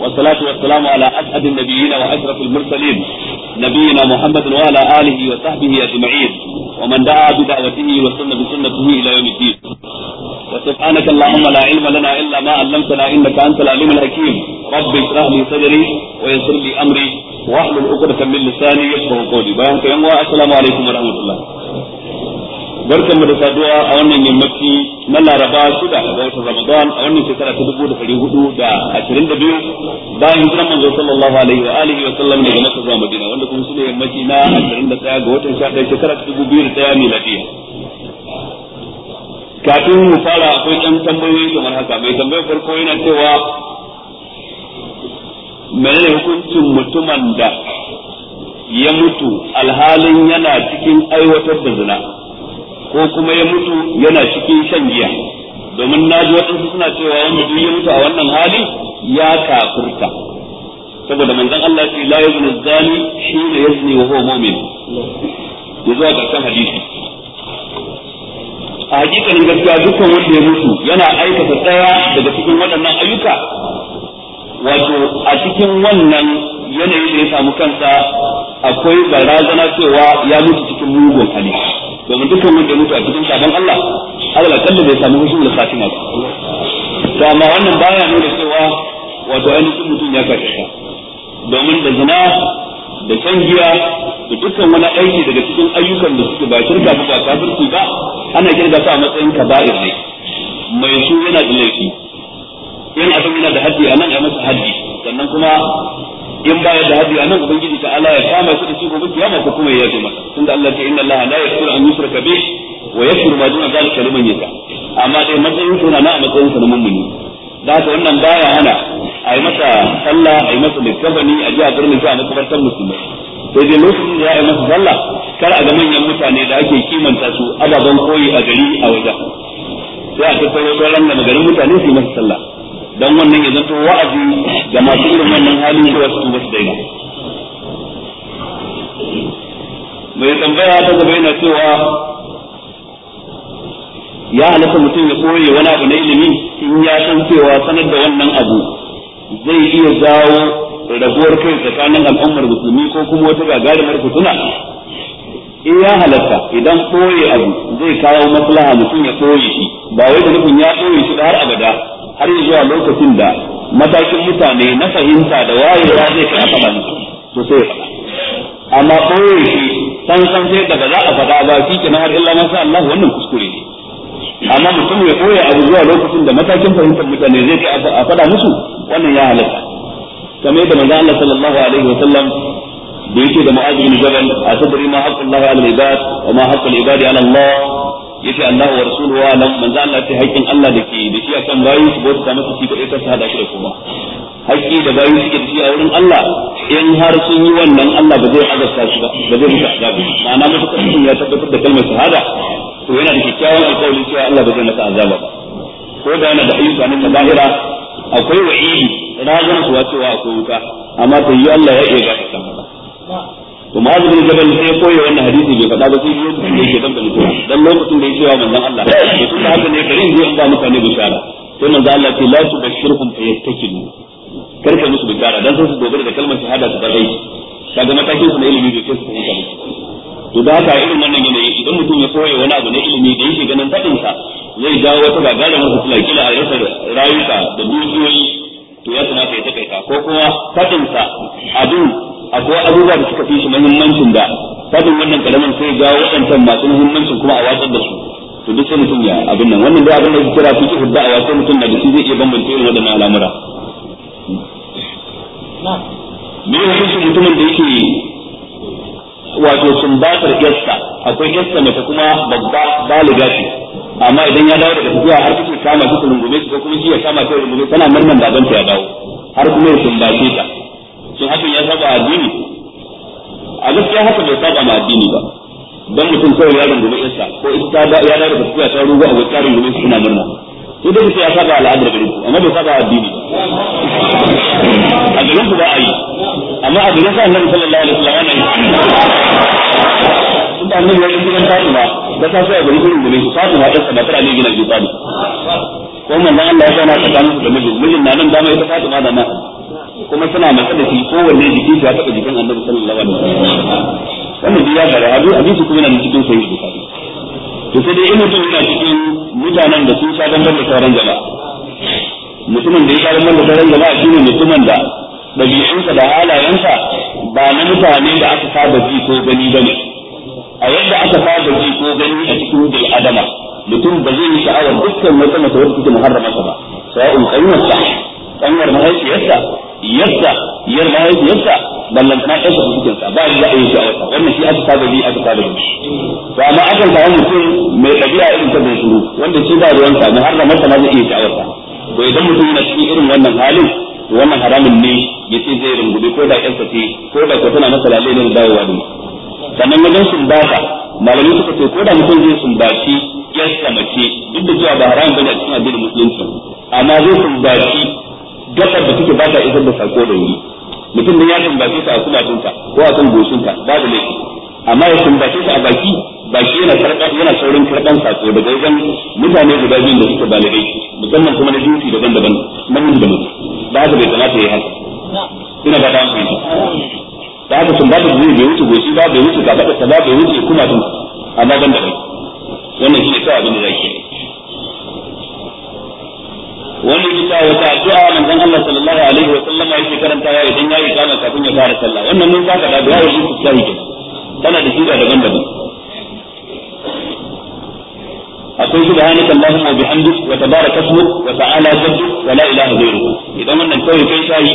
والصلاة والسلام على أسعد النبيين وأشرف المرسلين نبينا محمد وعلى آله وصحبه أجمعين ومن دعا بدعوته وسن بسنته إلى يوم الدين وسبحانك اللهم لا علم لنا إلا ما علمتنا إنك أنت العليم الحكيم رب اشرح لي صدري ويسر لي أمري واحلل عقدة من لساني يفقهوا قولي بيانك يوم السلام عليكم ورحمة الله barkanmu da saduwa a wannan yammaci na laraba shida ga watan ramadan a wannan shekara ta dubu da hudu da ashirin da biyu bayan hijiran manzo sallallahu alaihi wa alihi wa sallam daga makka zuwa madina wanda kuma shine yammaci na ashirin da ɗaya ga watan sha shekara ta dubu biyu da ɗaya miladiya kafin mu fara akwai ɗan tambayoyi kamar haka mai tambayar farko yana cewa menene hukuncin mutumin da ya mutu alhalin yana cikin aiwatar da zina ko kuma ya mutu yana cikin shan giya domin na ji waɗansu suna cewa wanda duk ya mutu a wannan hali ya kafurta saboda manzon Allah ce la yuzni zani shi ne yuzni wa huwa mu'min ya zuwa ƙarshen hadisi a hakikanin gaskiya dukkan wanda ya mutu yana aikata tsaya daga cikin waɗannan ayyuka wato a cikin wannan yanayin da ya samu kansa akwai barazana cewa ya mutu cikin mugun hali domin dukkan wanda ya mutu a cikin sabon Allah Allah kalle bai samu husnul khatima ba to amma wannan baya nuna cewa wato ainihin mutum ya kashe domin da zina da can da dukkan wani aiki daga cikin ayyukan da suke ba shirka ba ba kafirci ba ana kirga su a matsayin kaba'ir ne mai su yana da laifi yana yana da haddi a nan a masa haddi sannan kuma in baya da hadi anan ubangiji ta Allah ya kama su da shi gobe kiyama ko kuma ya yafe masa tunda Allah ya ce inna Allah la yaghfiru an yushraka bih wa yaghfiru ma duna zalika liman yasha amma dai matsayin suna na a matsayin sa na mummuni da haka wannan baya hana a yi masa sallah a yi masa littafani a ji a birnin sa a makabartar musulmai sai dai lokacin da ya yi masa sallah kar a ga manyan mutane da ake kimanta su ababen koyi a gari a wajen sai a tattaro sauran da garin mutane su yi masa sallah dan wannan ya zanto wa'azi ga masu irin wannan halin cewa su tuba su daina mai tambaya ta gaba yana cewa ya halatta mutum ya koye wani abu na ilimi in ya san cewa sanar da wannan abu zai iya jawo raguwar kai tsakanin al'ummar musulmi ko kuma wata gagarumar fituna in eh, ya halatta idan koye abu zai kawo maslaha mutum ya koye shi ba wai da nufin ya koye shi har abada har zuwa lokacin da matakin mutane na fahimta da ya zai kai aka bani to sai ya amma koyi shi san san sai daga za a faɗa ba shi na har illa sa Allah wannan kuskure ne amma mutum ya koya abu zuwa lokacin da matakin fahimtar mutane zai kai a faɗa musu wannan ya halatta kamar yadda manzo Allah sallallahu alaihi wa sallam da yake da mu'adh bin jabal asadri ma haqqu Allah ala al-ibad wa ma haqqu al-ibad ala Allah yace Allah wa rasuluhu wa lam manzo Allah ce haƙƙin Allah da ke da shi akan bayin su bauta masa shi da ita ta hada shi da kuma haƙƙi da bayin suke da shi a wurin Allah in har sun yi wannan Allah ba zai azabta shi ba ba zai musu azabi ma'ana musu kafin ya tabbatar da kalmar shahada to yana da kyakkyawan alƙawari cewa Allah ba zai masa azaba ba ko da yana da ayyuka na kaba'ira akwai wa'idi razan kuwa cewa akwai wuta amma to yi Allah ya iya gafarta ba. to ma azubin jabal sai koyo wannan hadisi bai faɗa ba sai yi lokacin da yake dambali zuwa dan lokacin da yake wa manzon Allah to tun haka ne bari in zo in ba mutane bishara sai manzon Allah ce la tu bashirhum fa yattakilu karka musu bishara dan sai su dogara da kalmar shahada su dai ga matakin su na ilimi bai kai su fahimta ba to da haka irin wannan yanayi idan mutum ya koya wani abu na ilimi da yake ganin fadin sa zai jawo wata musu fitila kila a rasar rayuka da dukiyoyi to ya kamata ya takaita ko kuma fadin sa abin akwai abubuwa da suka fi shi muhimmancin da fadin wannan karamin sai ga waɗancan masu muhimmancin kuma a watsar da su to duk sai mutum ya abin nan wannan dai abin da kira su ki hudda a watsar mutum da shi zai iya bambance irin waɗannan al'amura me ya hukunci mutumin da yake wato ta yasta akwai yasta ta kuma babba baliga ce amma idan ya dawo daga tafiya har kake kama shi rungume shi ko kuma shi ya kama kai rungume tana murnan ta ya dawo har kuma ya sumbace ta shin hakan ya saba addini a gaskiya haka bai saba ma addini ba dan mutum kawai ya rungume isa ko ita ta ya da tafiya ta ruwa a wata rungume su suna murna sai dai mutum ya saba al'adar gare ku amma bai saba addini a garin ku ba a yi amma a garin sa annabi sallallahu alaihi wasallam ana yi tun da annabi ya yi gidan Fatima da ta sai gari gurin gurin Fatima ta tsada tare gidan Abi Talib ko manzon Allah ya sana tsakanin su da mijin mijin na nan dama ita Fatima da na. kuma suna matsa da shi kowanne jiki shi ya taɓa jikin annabi sallallahu alaihi sallam wannan duk ya fara hadisi kuma yana cikin sahih bukhari to sai dai ina mutum yana cikin mutanen da sun sha da sauran jama'a mutumin da ya sha dangan da sauran jama'a shine mutumin da ɗabi'unsa da halayensa ba na mutane da aka saba ji ko gani ba ne a yadda aka saba ji ko gani a cikin bil adama mutum ba zai yi sha'awar dukkan wata mace wadda take muharrama ba sawa'un kanyarsa kanyar mahaifiyarsa yadda yar yadda ballan na yarsa da cikin sa ba shi za a yi sha'awa wannan shi aka saba bi aka saba bi to amma aka samu mutum mai ɗabi'a irin ta bai shuru wanda shi ba ruwan sa har da masa ma zai iya sha'awa to idan mutum yana cikin irin wannan halin wannan haramin ne ya ce zai rungume ko da yarsa ce ko da ko tana masa lalle ne da dawowa ne sannan wajen sumbata malamai suka ce ko da mutum zai sumbaci yarsa mace duk da cewa ba haramun bane a cikin addinin musulunci amma zai sumbaci dokar da suke ba ta isar da sako da wuri mutum da ya sumbace ta a ta ko a kan ba da laifi amma ya san ta a baki ba shi yana karɓa yana saurin karɓan sako daga wajen mutane guda biyu da suke baligai musamman kuma na jinsi daban-daban manyan da mutu ba haka bai kamata ya haka ina ba ta amfani da haka ba da zai bai wuce goshi ba bai wuce gaba da ba bai wuce tun amma ban da kai wannan shi ne kawai abin da zai ke wanda yake cewa wata addu'a manzon Allah sallallahu alaihi wa sallam yake karantawa idan yayi kama kafin ya fara sallah wannan mun saka da addu'a yake tsari ke tana da shida daban-daban akwai subhanaka allahumma wa bihamdik wa tabaraka ismuk wa ta'ala jadduk wa la ilaha ghayruk idan wannan kawai kai sai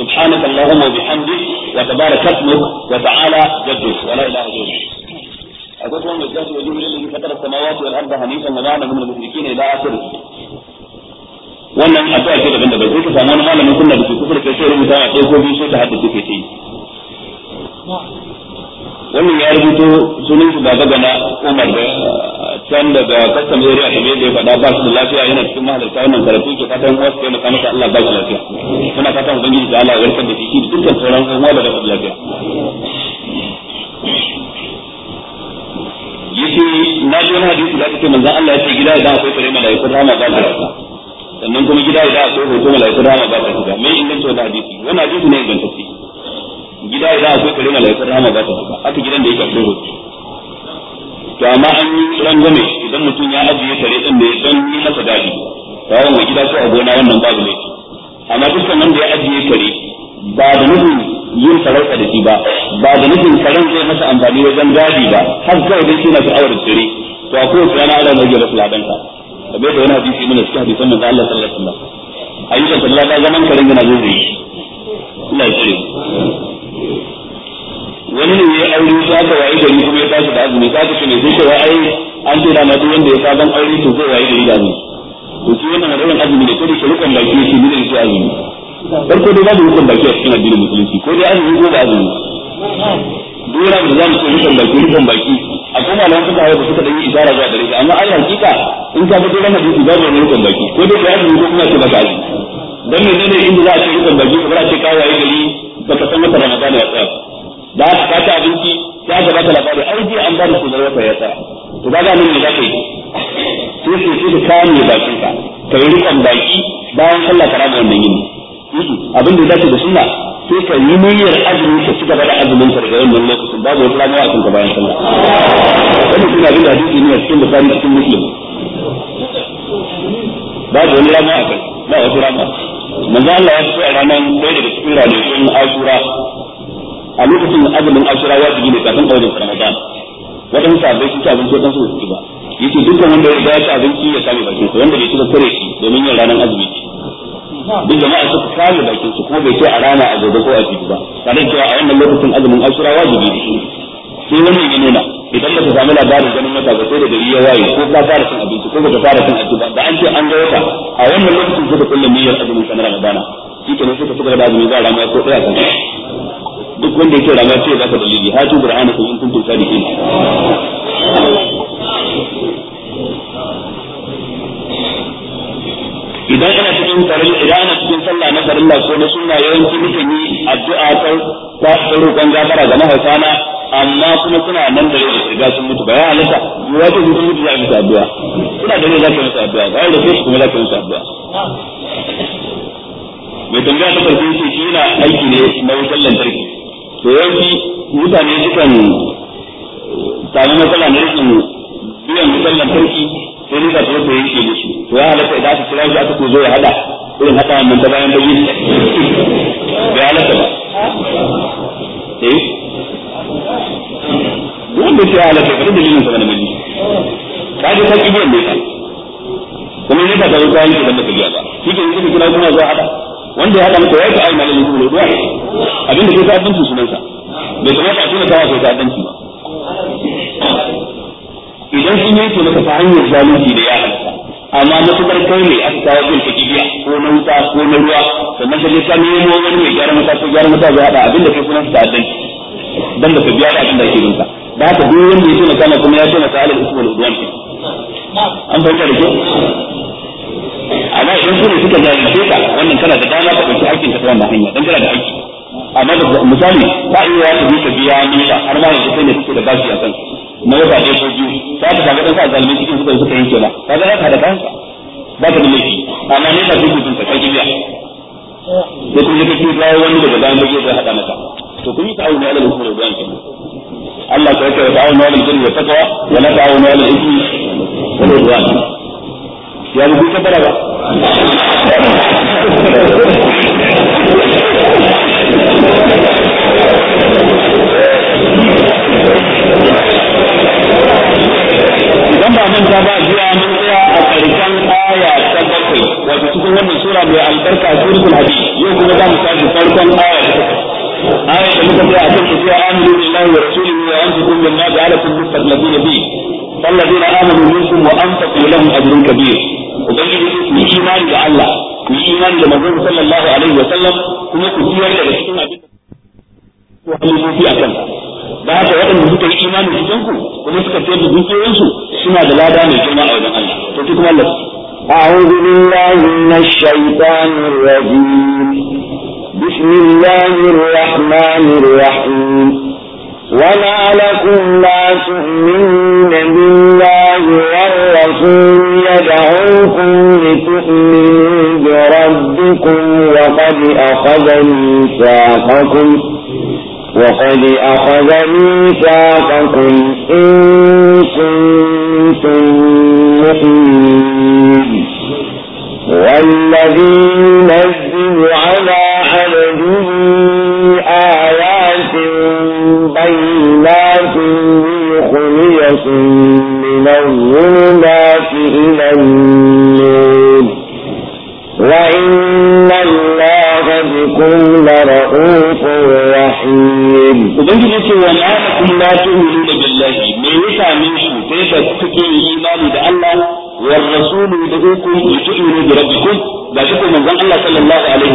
subhanaka allahumma wa bihamdik wa tabaraka ismuk wa ta'ala jadduk wa la ilaha ghayruk akwai kuma mai jasu wajen yin fatarar samawati wal arda hanifan wa ma'ana min al-mushrikeena ila akhirih wannan addu'a ce daban daban sai ka samu wani malamin sunna da ke kusa da kai sai rubuta a ɗaya ko biyu sai ta haɗa suke ta yi wannan ya rubuto sunan su baba gana Umar da can daga custom area da ya faɗa ba su da lafiya yana cikin mahalarta wannan karatu ke fatan wasu kai maka masa Allah ba shi lafiya muna fatan ubangiji da Allah ya warkar da shi da dukkan sauran kuma da su lafiya yace na ji wani hadisi da ake manzon Allah ya ce gida idan akwai fure mala'iku da ma ba su lafiya sannan kuma gida idan akwai hoto mala'iku rama ba ta shiga mai inganta wani hadisi wani hadisi ne ingantacce gida idan akwai kare mala'iku rama ba ta shiga haka gidan da yake akwai hoto to amma an yi rangwame idan mutum ya ajiye kare din da ya san yi masa dadi kawai mai gida ko a gona wannan babu laifi amma sannan da ya ajiye kare ba da nufin yin sarauta da shi ba ba da nufin karen zai masa amfani wajen gadi ba har kawai dai shi na sha'awar tsire to akwai tsana ana rage rasu ladanka kamar da wani hadisi mana cikin hadisan manzo Allah sallallahu alaihi wasallam ayyukan Allah ta zaman karin gina zai yi Allah ya ce wani ne ya aure shi aka wayi gari kuma ya tashi da azumi ka ce ne zai wa ai an ce da ma duk wanda ya sabon aure to zai wayi gari da azumi to shi wannan maganar azumi ne ko da shirkan baki shi ne da azumi farko dai babu hukun baki a cikin addinin musulunci ko dai azumi ko ba azumi dora da zamu so rikon baki rikon baki a kuma malaman suka hawa suka dan yi isara zuwa gare shi amma ai hakika in ka fito kana hadisi babu wani rikon baki ko dai ya ko kuma ce baka aji dan ne ne inda za a ce rikon baki ko za ce ka waye gari ka san wata ramadan ya tsaya da ka ka ta abinci ya ga baka labari ai dai an ba da su ya tsaya to ba ga nan ne za ka yi shi shi shi ka kame baki ka ka yi rikon baki bayan sallah karama wannan yini abin da ya dace da sunna sai ka yi niyyar azumi ka ci gaba da azumin ka daga wannan lokacin babu wata rana a kanka bayan sallah wannan kuna bin hadisi ne a cikin bukari cikin muslim babu wani rana a kai ba wata rana manzo Allah ya ce a ranan da daga cikin ranakun Ashura a lokacin azumin Ashura ya ji ne kafin ɗaukar Ramadan wadansu sabai suke abinci wadansu ba su ci ba yake dukkan wanda ya ci abinci ya sami bakin sa wanda bai ci ba kare shi domin yin ranan azumi duk jama'a suka kame bakin su kuma bai ce a rana a gobe ko a jibi ba kada da cewa a wannan lokacin azumin ashura wajibi ne sai wannan ya nuna idan ba ta samu labarin ganin wata ba sai da gari ya waye ko ka fara cin abinci ko ka ta fara cin abinci ba da an ce an ga wata a wannan lokacin suka kulle niyyar azumin sanar ramadana shi ke nan suka suka da azumi za a rama ko tsaya kan duk wanda yake rama ce za ka dalili hatu burhanakum in kuntum sadiqin idan ina cikin farin idan ina cikin sallah na farilla ko na sunna yawanci nake ni addu'a ta ta roƙon gafara ga na amma kuma suna nan da rai riga sun mutu bayan halitta mu wato mutu mutu za musu addu'a suna da rai za ka musu addu'a bayan da kai kuma za ka musu addu'a mai tambaya ta farko yake shi yana aiki ne na wutar lantarki to yawanci mutane sukan sami matsala na rashin biyan musallan lantarki sai ne ka so da yake musu to ya halatta idan aka kira shi aka ko zo ya hada irin haka mun ta bayan bayin ya halatta ba eh wanda sai halatta kada da dalilin sa na miji ka ji ka kibiyan ne kuma ne ka zo kai da baka biya ba shi ke ne kira kuma zo hada wanda ya hada maka ya ka ai malamin ku ne abinda ke ka abinci sunansa bai kamata a tuna kawo sai ka danci. ba idan sun yanke maka ta hanyar zalunci da ya halatta amma matukar kai ne aka kawo bin ta kibiya ko na wuta ko na ruwa sannan ka je ka nemo wani mai gyaran wuta ko gyaran wuta zai abin abinda kai kuma ta addanci dan da ka biya da abin da ake binka da haka duk wanda ya tuna kana kuma ya tuna ta alal usul udwan an fahimta da ke amma idan su ne suka zalunce ka wannan kana da dama ka ɗauki hakkin ka ta wannan hanya dan kana da hakki amma da misali ba iya ya ta biya mita har ma yanzu kai ne kake da bashi a kansu na yaba ɗaya ko biyu za ka samu ɗansa a zalimin cikin suka suka yanke ba ka ga ka da kansa ba ka da laifi amma ne ka dubu sun ka giya da kun yi kafin kawo wani daga bayan baje zai haɗa maka to kun yi ta'awuni ala al-kufri wa kenan Allah ta yake ta'awuni ala al-birri wa taqwa wa la ta'awuni ala al-ithmi wa ya rubu ta bara ba Thank you. idan ba ta ba jiya mun tsaya a ƙarshen aya ta bakwai wato cikin wannan sura mai albarka suratul hadid yau kuma za mu tashi farkon aya ta aya da muka tsaya a kan ku ya amanu billahi wa rasulihi wa anfiqu mimma ja'alakum mustaqlibina bi alladheena amanu minkum wa anfaqu lahum ajrun kabir ubangiji ku yi imani ga Allah ku yi imani ga manzon sallallahu alaihi wa sallam kuma ku ciyar da cikin abin da ku halifofi a kansa da haka waɗanda suka yi imani cikin ku kuma suka fiye da dukiyoyinsu suna da lada mai girma a wajen Allah to ki kuma Allah أعوذ بالله من الشيطان الرجيم بسم الله الرحمن الرحيم وما لكم لا تؤمنون بالله والرسول يدعوكم لتؤمنوا بربكم وقد أخذ ميثاقكم وقد أخذ ميثاقكم إن كنتم مؤمنين والذي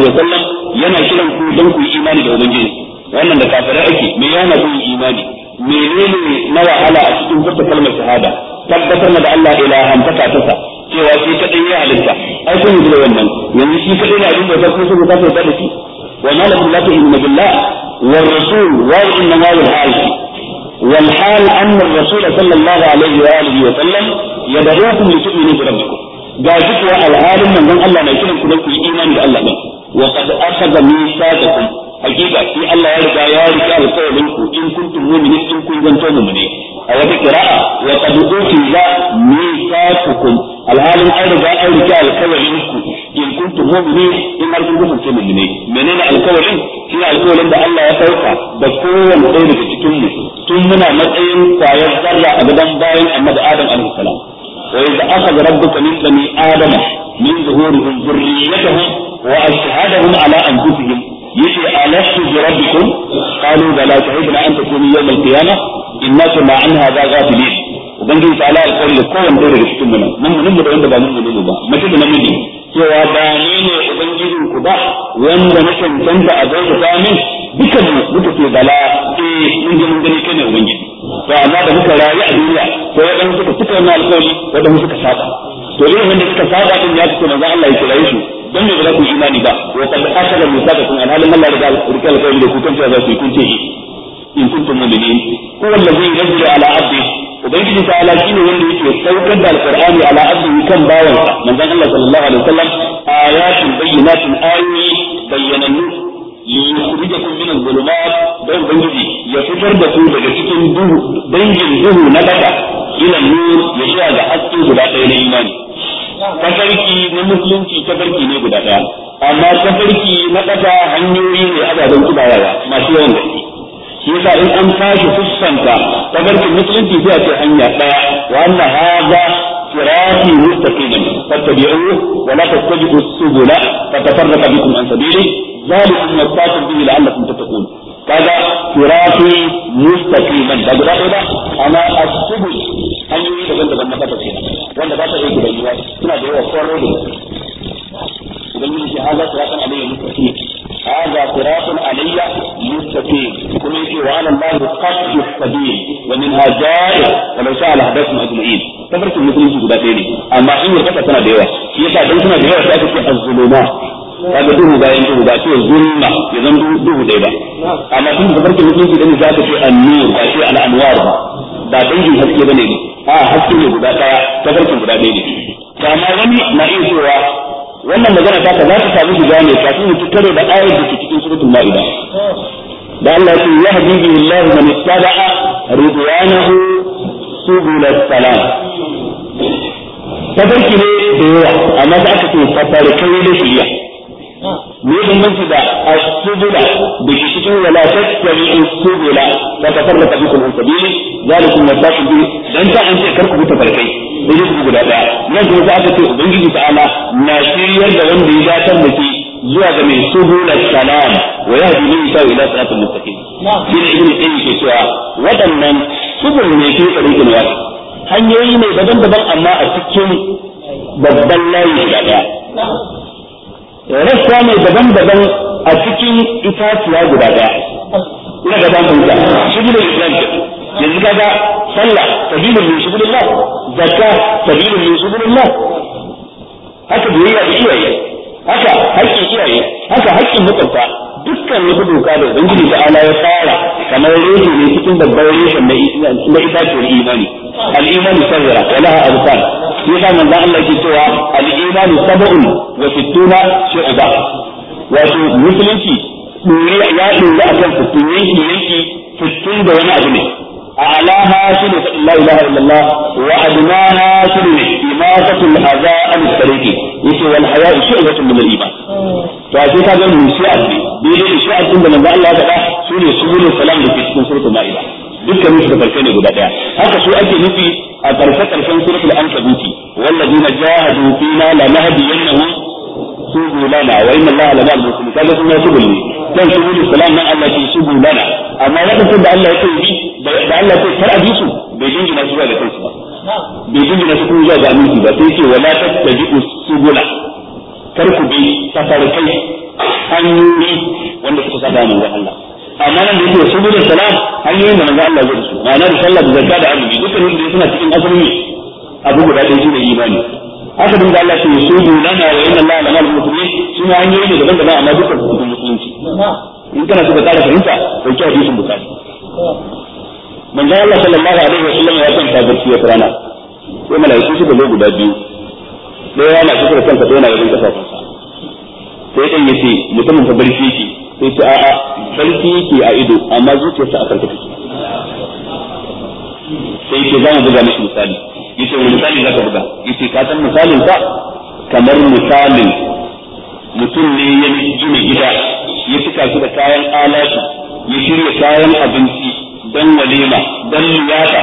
alaihi wa yana kiran ku don ku yi imani da ubangiji wannan da kafirai ake me yana ku yi imani menene ne na wahala a cikin furta kalmar shahada tabbatar da Allah ilahan ta tasa cewa shi kadai ya halitta ai kun yi wannan yanzu shi kadai ne abin da ku so ta kafa da shi wa ma وما لكم لا wa بالله والرسول وإن ما الحال والحال أن الرسول صلى الله عليه وآله وسلم يدعوكم لتؤمنوا بربكم ga duk wa alhalin manzon Allah na kiran ku da ku musulmi in har sun kasance musulmi menene alkawarin shi ne alkawarin da Allah ya sauka da kowanne ɗaya daga cikin mu tun muna matsayin kwayar zarra a gaban bayan annabi Adam alaihi salam wa idza akhadha rabbuka min bani adama min zuhurihim dhurriyyatahum wa ashhadahum ala anfusihim yace alastu bi rabbikum qalu bala shahidna an takunu yawm al-qiyamah inna kunna an hadha ghafilin ubangiji ta ala alƙawari da kowanne ɗaya daga cikin mu nan mun mun da wanda ba mun mu ba mace da namiji cewa ba ne ne ubangijin ku ba wanda na cancanta a zai ta min dukan mu muka ce bala eh mun ji mun gani kai ne ubangiji to amma da muka rayu a duniya to waɗansu suka cika wannan alƙawari waɗansu suka saba to irin wanda suka saba din ya fito manzo Allah ya kira su dan me ba za ku imani ba wa qad akala misaqakum an halin Allah da alƙawari alƙawari da ku kanta za su yi kun ce in kuntum mu'minin ko wallazi yanzuru ala abdi ubangiji ta ala shine wanda yake saukar da alqur'ani ala abdihi kan bawansa manzon Allah sallallahu alaihi wasallam ayatin bayyinatin ayoyi bayyanannu liyukhrijakum min adh-dhulumat da ubangiji ya fitar da ku daga cikin duhu dangin duhu na bada ila nur ya zuwa ga haske guda ɗaya na imani tafarki na musulunci tafarki ne guda ɗaya amma tafarki na ƙasa hanyoyi ne ababen kibayawa masu yawan gaske shi yasa in an tashi fuskanta tabarkin musulunci sai a ce hanya daya wa anna hadha sirati mustaqiman fattabi'uhu wa la tattabi'u subula fatafarraqa bikum an sabili zalikum wasaqu bihi la'allakum tattaqun kaga sirati mustaqiman da guda ɗaya ana asubul an yi daban-daban na kasa kenan wanda ba ta yi gudanarwa suna da yawa kwarar da guda ɗaya ne amma in warkata tana da yawa shi yasa dan tana da yawa sai aka ce az kaga duhu bayan duhu ba ce zulma ya zan duhu ɗaya ba amma tun da farkin mutunci dan za ka ce an ba ce al ba ba dangin haske bane ne a haske ne guda ɗaya ta farkin guda ɗaya ne amma wani na iya cewa wannan magana ta ka za ta samu shiga ne kafin mu karo da ayar da ke cikin suratul ma'ida da Allah ya ce yahdi bihi Allah man ittaba'a ridwanahu subul salam farki ne da yawa amma sai aka ce kai da shirya ne ah. bambanci da a asubula da shi cikin wala tattari asubula ta tafarraka bikum an sabili zalikum za da dan ta an ce karku bi tafarkai yi su guda daya nan kuma sai aka ce ubangiji ala na shiryar da wanda ya datar da ke zuwa ga mai subula salam wa yahdi mai sa ila siratal mustaqim shi ne ibn qayyim ke cewa wadannan subul ne ke tsarikin wani hanyoyi ne daban-daban amma a cikin babban layi da daya mai daban-daban a cikin itatuwa guda daya ina ga zamu yi shigulun islam yanzu kaga sallah sabilun min shigulillah zakka mai min shigulillah haka biyayya da iyaye haka haƙƙin iyaye haka haƙƙin mutunta dukkan wasu doka da ubangiji da ala ya fara kamar reshe ne cikin babbar reshen na itaciyar imani al'imani sarara sahira wa laha abkan shi yasa manzo Allah ke cewa al'imani imani sab'un wa sittuna shu'ba wato musulunci ya dore akan sittin yanki yanki sittin da wani abu ne أعلاها شنو لا إله إلا الله وأدناها شنو إماتة الأذى عن الطريق يسوى والحياء شعبة من الإيمان فأشوف هذا من الشعب بيجي الشعب عند من الله تعالى سورة سبول السلام في سورة المائدة dukkan su da karshe ne guda daya haka su ake nufi a karshe karshen suratul ankabuti wallazina jahadu fina la nahdiyannahum سبوا لنا وإن الله لنا المسلمين كذا Allah سبوا لي كان سبوا لي سلام من الله في سبوا لنا أما وقت سبوا الله يقول بي الله يقول كر أجيسو بيجين جنا سبوا لكم سبوا بيجين جنا سبوا جاء جاميسي بسيسي ولا تتجئوا سبوا kar ku bi tafarkai hanyoyi wanda suka saba manzo Allah amma nan da yake saboda salam hanyoyin da manzo Allah ya su. ma'ana da sallah da zakka da azumi dukkan da suna cikin azumi abu guda ɗaya shine imani haka din Allah shi su lana wa inna Allah la ma'al muslimin su ma hanyoyi ne daban-daban amma dukkan su cikin musulunci in kana so ka tsara fahimta bai kyau hadisin bukari manzo Allah sallallahu alaihi wa sallam ya kwanta barci ya rana sai malaiku suka zo guda biyu ɗaya yana kusa da kanka yana yaban kafafunsa sai dan yace mutumin fa barci yake sai ce a'a barci yake a ido amma zuciyarsa a karkata take sai ce za mu buga mishi misali yace wani misali ka buga yace ka san misalin ka kamar misalin mutum ne ya gina gida ya fita shi da kayan alatu ya shirya kayan abinci dan walima dan liyafa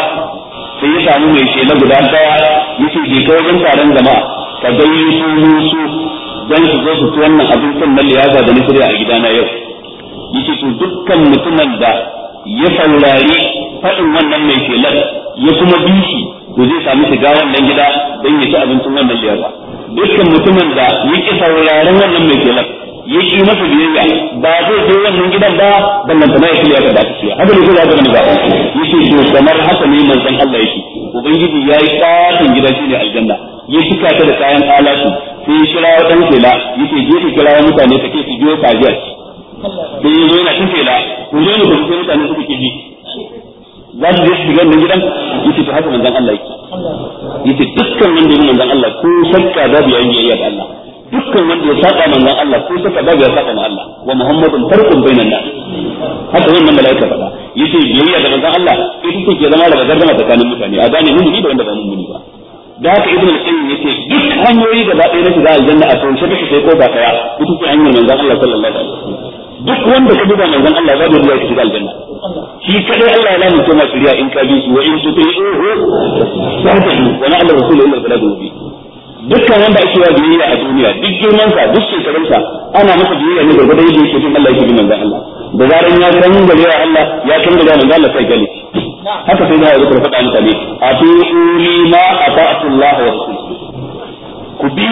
sai ya samu mai shela guda daya yace je ka wajen taron jama'a ka gayyato su dan su zo su ci wannan abincin na liyafa da na shirya a gidana yau yace to dukkan mutumin da ya saurari faɗin wannan mai shelar ya kuma bi to zai samu shiga wannan gida don ya ci abincin wannan ba dukkan mutumin da ya ki sauraron wannan mai kenan ya ki masa biyayya ba zai je wannan gidan ba ballanta na ya kiliya da dace ciya haka ne zai zaka gani ba yace to kamar haka ne manzon Allah yake ubangiji yayi katin gida ne aljanna ya cika ta da kayan alatu sai kira wadan kila yake je ki kira mutane kake su biyo kaji a ci sai yana cin kela ku ne ku mutane suke ji za su je su shiga wannan gidan yace to haka manzon Allah yake yace dukkan wanda ya manzon Allah ko shakka babu yayin biyayya da Allah dukkan wanda ya saka manzon Allah ko shakka babu ya saba Allah wa Muhammadun farqun bainan nas haka wannan malaika faɗa yace biyayya da manzon Allah ita take zama daga gardama tsakanin mutane a gane mun da wanda ba mun ba da haka ibn al-qayyim yace duk hanyoyi da ba ɗaya na shiga aljanna a shafi shi sai ko ba kaya ita ce hanyar manzon Allah sallallahu alaihi wasallam duk wanda ka duba manzon Allah za mu ruwa shiga aljanna shi kadai Allah ya lamunta ma shirya in ka bi shi wa in tuti'uhu tahtadu wa na'lamu rasulullahi sallallahu alaihi wasallam dukkan wanda ake wa biyayya a duniya duk girman sa duk shekarun sa ana masa biyayya ne gurgurda yadda yake bin Allah yake bin manzon Allah da zaran ya san da wa Allah ya san da manzon Allah sai gale haka sai da ya rubuta faɗa mutane a tuuli ma ata'tu Allah wa rasuluhu ku bi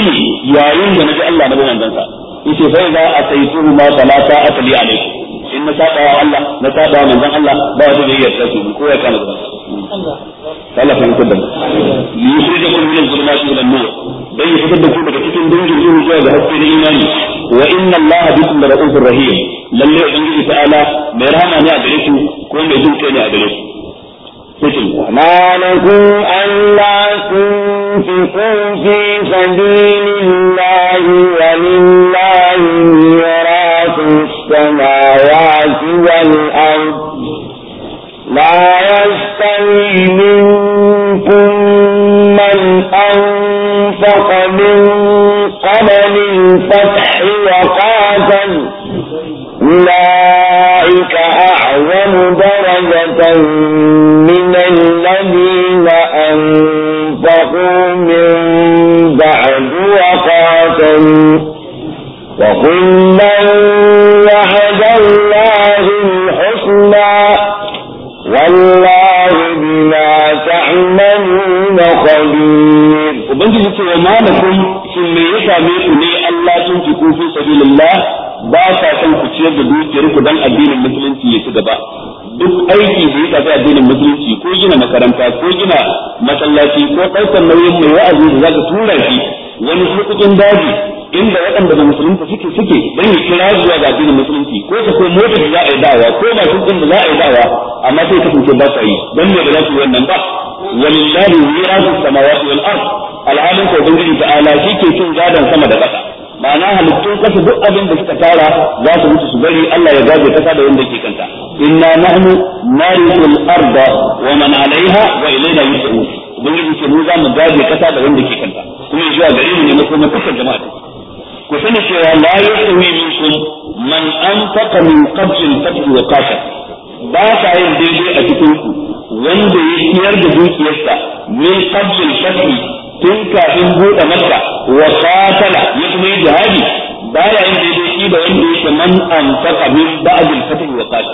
yayin da naji Allah na bin manzon sa yace fa idza ataytuhu ma salata ta'ata li alaykum in na saba wa Allah na saba wa manzon Allah ba wata zai yarda su ko ya kana Allah Allah kan kudan yusijukum min zulumati ila nur dan yusijud da ku daga cikin dangin zuwa zuwa ga haske imani wa inna Allah bikum ra'ufur rahim lalle ubangiji ta'ala mai rahama ne a gare ku ko mai jin ne a gare ku ما لكم ألا تنفقوا في سبيل الله ولله ميراث السماوات والأرض لا يستوي منكم من أنفق من قبل الفتح وقاتل أولئك أعظم درجة من الذين أنفقوا وكلا وعد الله الحسنى والله بما تعملون خبير ubangiji ce wa malakum shin me ya same ku ne Allah tun ki ku fi sabilillah ba ta san ku ciyar da dukiyar ku addinin musulunci ya ci gaba duk aiki da ya tafi addinin musulunci ko gina makaranta ko gina masallaci ko ɗaukar nauyin mai wa'azi da zaka tura shi wani hukukin daji inda waɗanda da suke suke don yi kira zuwa ga addinin musulunci ko ta ko motar da za a yi dawa ko ba su da za a yi dawa amma sai kasance ba su yi don me ba za su yi wannan ba walillahi mirasu samawati wal ard alhalin ko ubangiji ala shi ke cin gadon sama da ƙasa ma'ana halittun kasa duk abin da suka tara za su mutu su bari Allah ya gaje kasa da wanda ke kanta inna nahnu narithul arda wa man alaiha wa ilayna yus'ud ubangiji ce mu za mu gaje kasa da wanda ke kanta kuma zuwa gare mu ne makomar kasar jama'a ku sani cewa la sami minkum man anfaqa min qabl al wa kasa ba sa yin daidai a cikin ku wanda ya ciyar da dukiyarsa min qabl al tun kafin buɗe masa wa qatala ya kuma yi jihadi baya yin daidai shi da wanda yake man an farka min ba'd al-fatih wa qad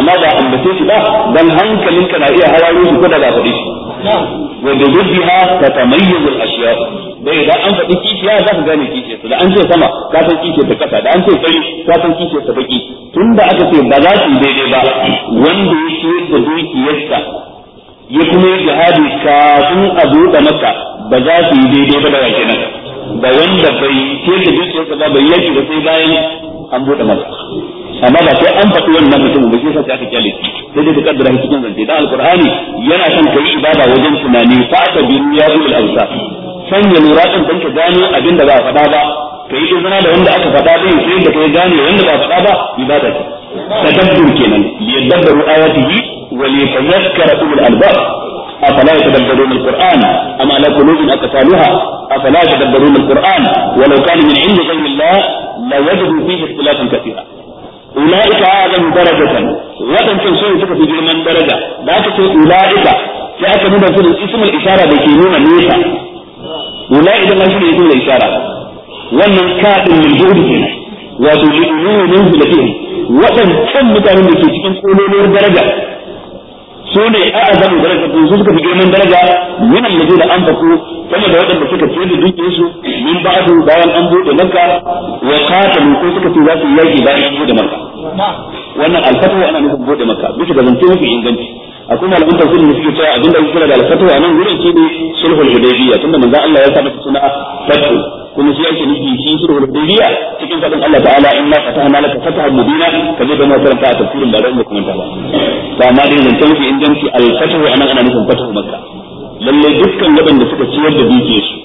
amma da ambace shi ba dan hankalinka na iya hararo shi ko da ba faɗi shi wa bi dubbiha tatamayyiz al-ashiya da idan an faɗi kishiya za ka gane kishiya da an ce sama ka san kishiya ta kasa da an ce fari ka san kishiya ta baki tunda aka ce ba za su daidai ba wanda yake da dukiyarsa ya kuma yi jihadi kafin a buɗe maka ba za su yi daidai ba da wake nan da wanda bai ke da zuciyarsa ba bai yanki da sai bayan an buɗe masa amma ba sai an faɗi wannan mutum ba shi yasa sai aka kyale sai dai ka kaddara cikin zance da alqur'ani yana son kai ibada wajen tunani fa ta bi ya ul San ya lura din dan ka gano abin da ba a faɗa ba kai izina da wanda aka faɗa din sai da kai gane wanda ba a faɗa ba ibada ce tadabbur kenan liyadabbaru ayatihi wa liyazakkara ulul albab أفلا يتدبرون القرآن أما لا قلوب أكتالها أفلا يتدبرون القرآن ولو كان من عند غير الله لوجدوا فيه اختلافا كثيرا أولئك أعظم درجة وطن تنسوه تكفي في جرمان درجة لا تقول أولئك جاءت من في اسم الإشارة بكينون ميسا أولئك ما يكون يكون الإشارة ومن كاتل من جهدهم وتجئون من جهدهم وطن كم بتعلم لكي تكون درجة su ne a'azamu darajatun su suka fi girman daraja da an anfaqu sama da waɗanda suka ce da dukiyar su min ba'du bayan an buɗe makka wa qatalu ko suka ce za su yaki bayan an buɗe makka wannan alfatwa ana nufin bude makka bisa ga zance mafi inganci akwai malaman tafsiri da suke cewa abinda ake kira da alfatwa nan wurin shi ne sulhul hudaybiyya tunda manzo Allah ya sa mata suna fatwa kuma shi yake nufi shi sulhul hudaybiyya cikin fadin Allah ta'ala inna fatahna laka fatahan mubina kaje da mu karanta a tafsirin ba da mu kuma ta ba ba ma dai zance mafi inganci al-fatahu anan ana nufin fatahu makka lalle dukkan waɗanda suka ciyar da su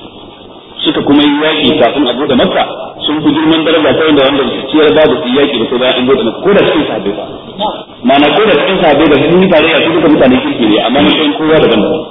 suka kuma yi yaƙi kafin a bude makka sun fi girman daraja ta da wanda su ciyar ba da su yaƙi da su bayan an bude makka ko da cikin sahabbai ba ma'ana ko da cikin sahabbai da sun yi tarayya su duka mutane kirki ne amma matsayin kowa daban-daban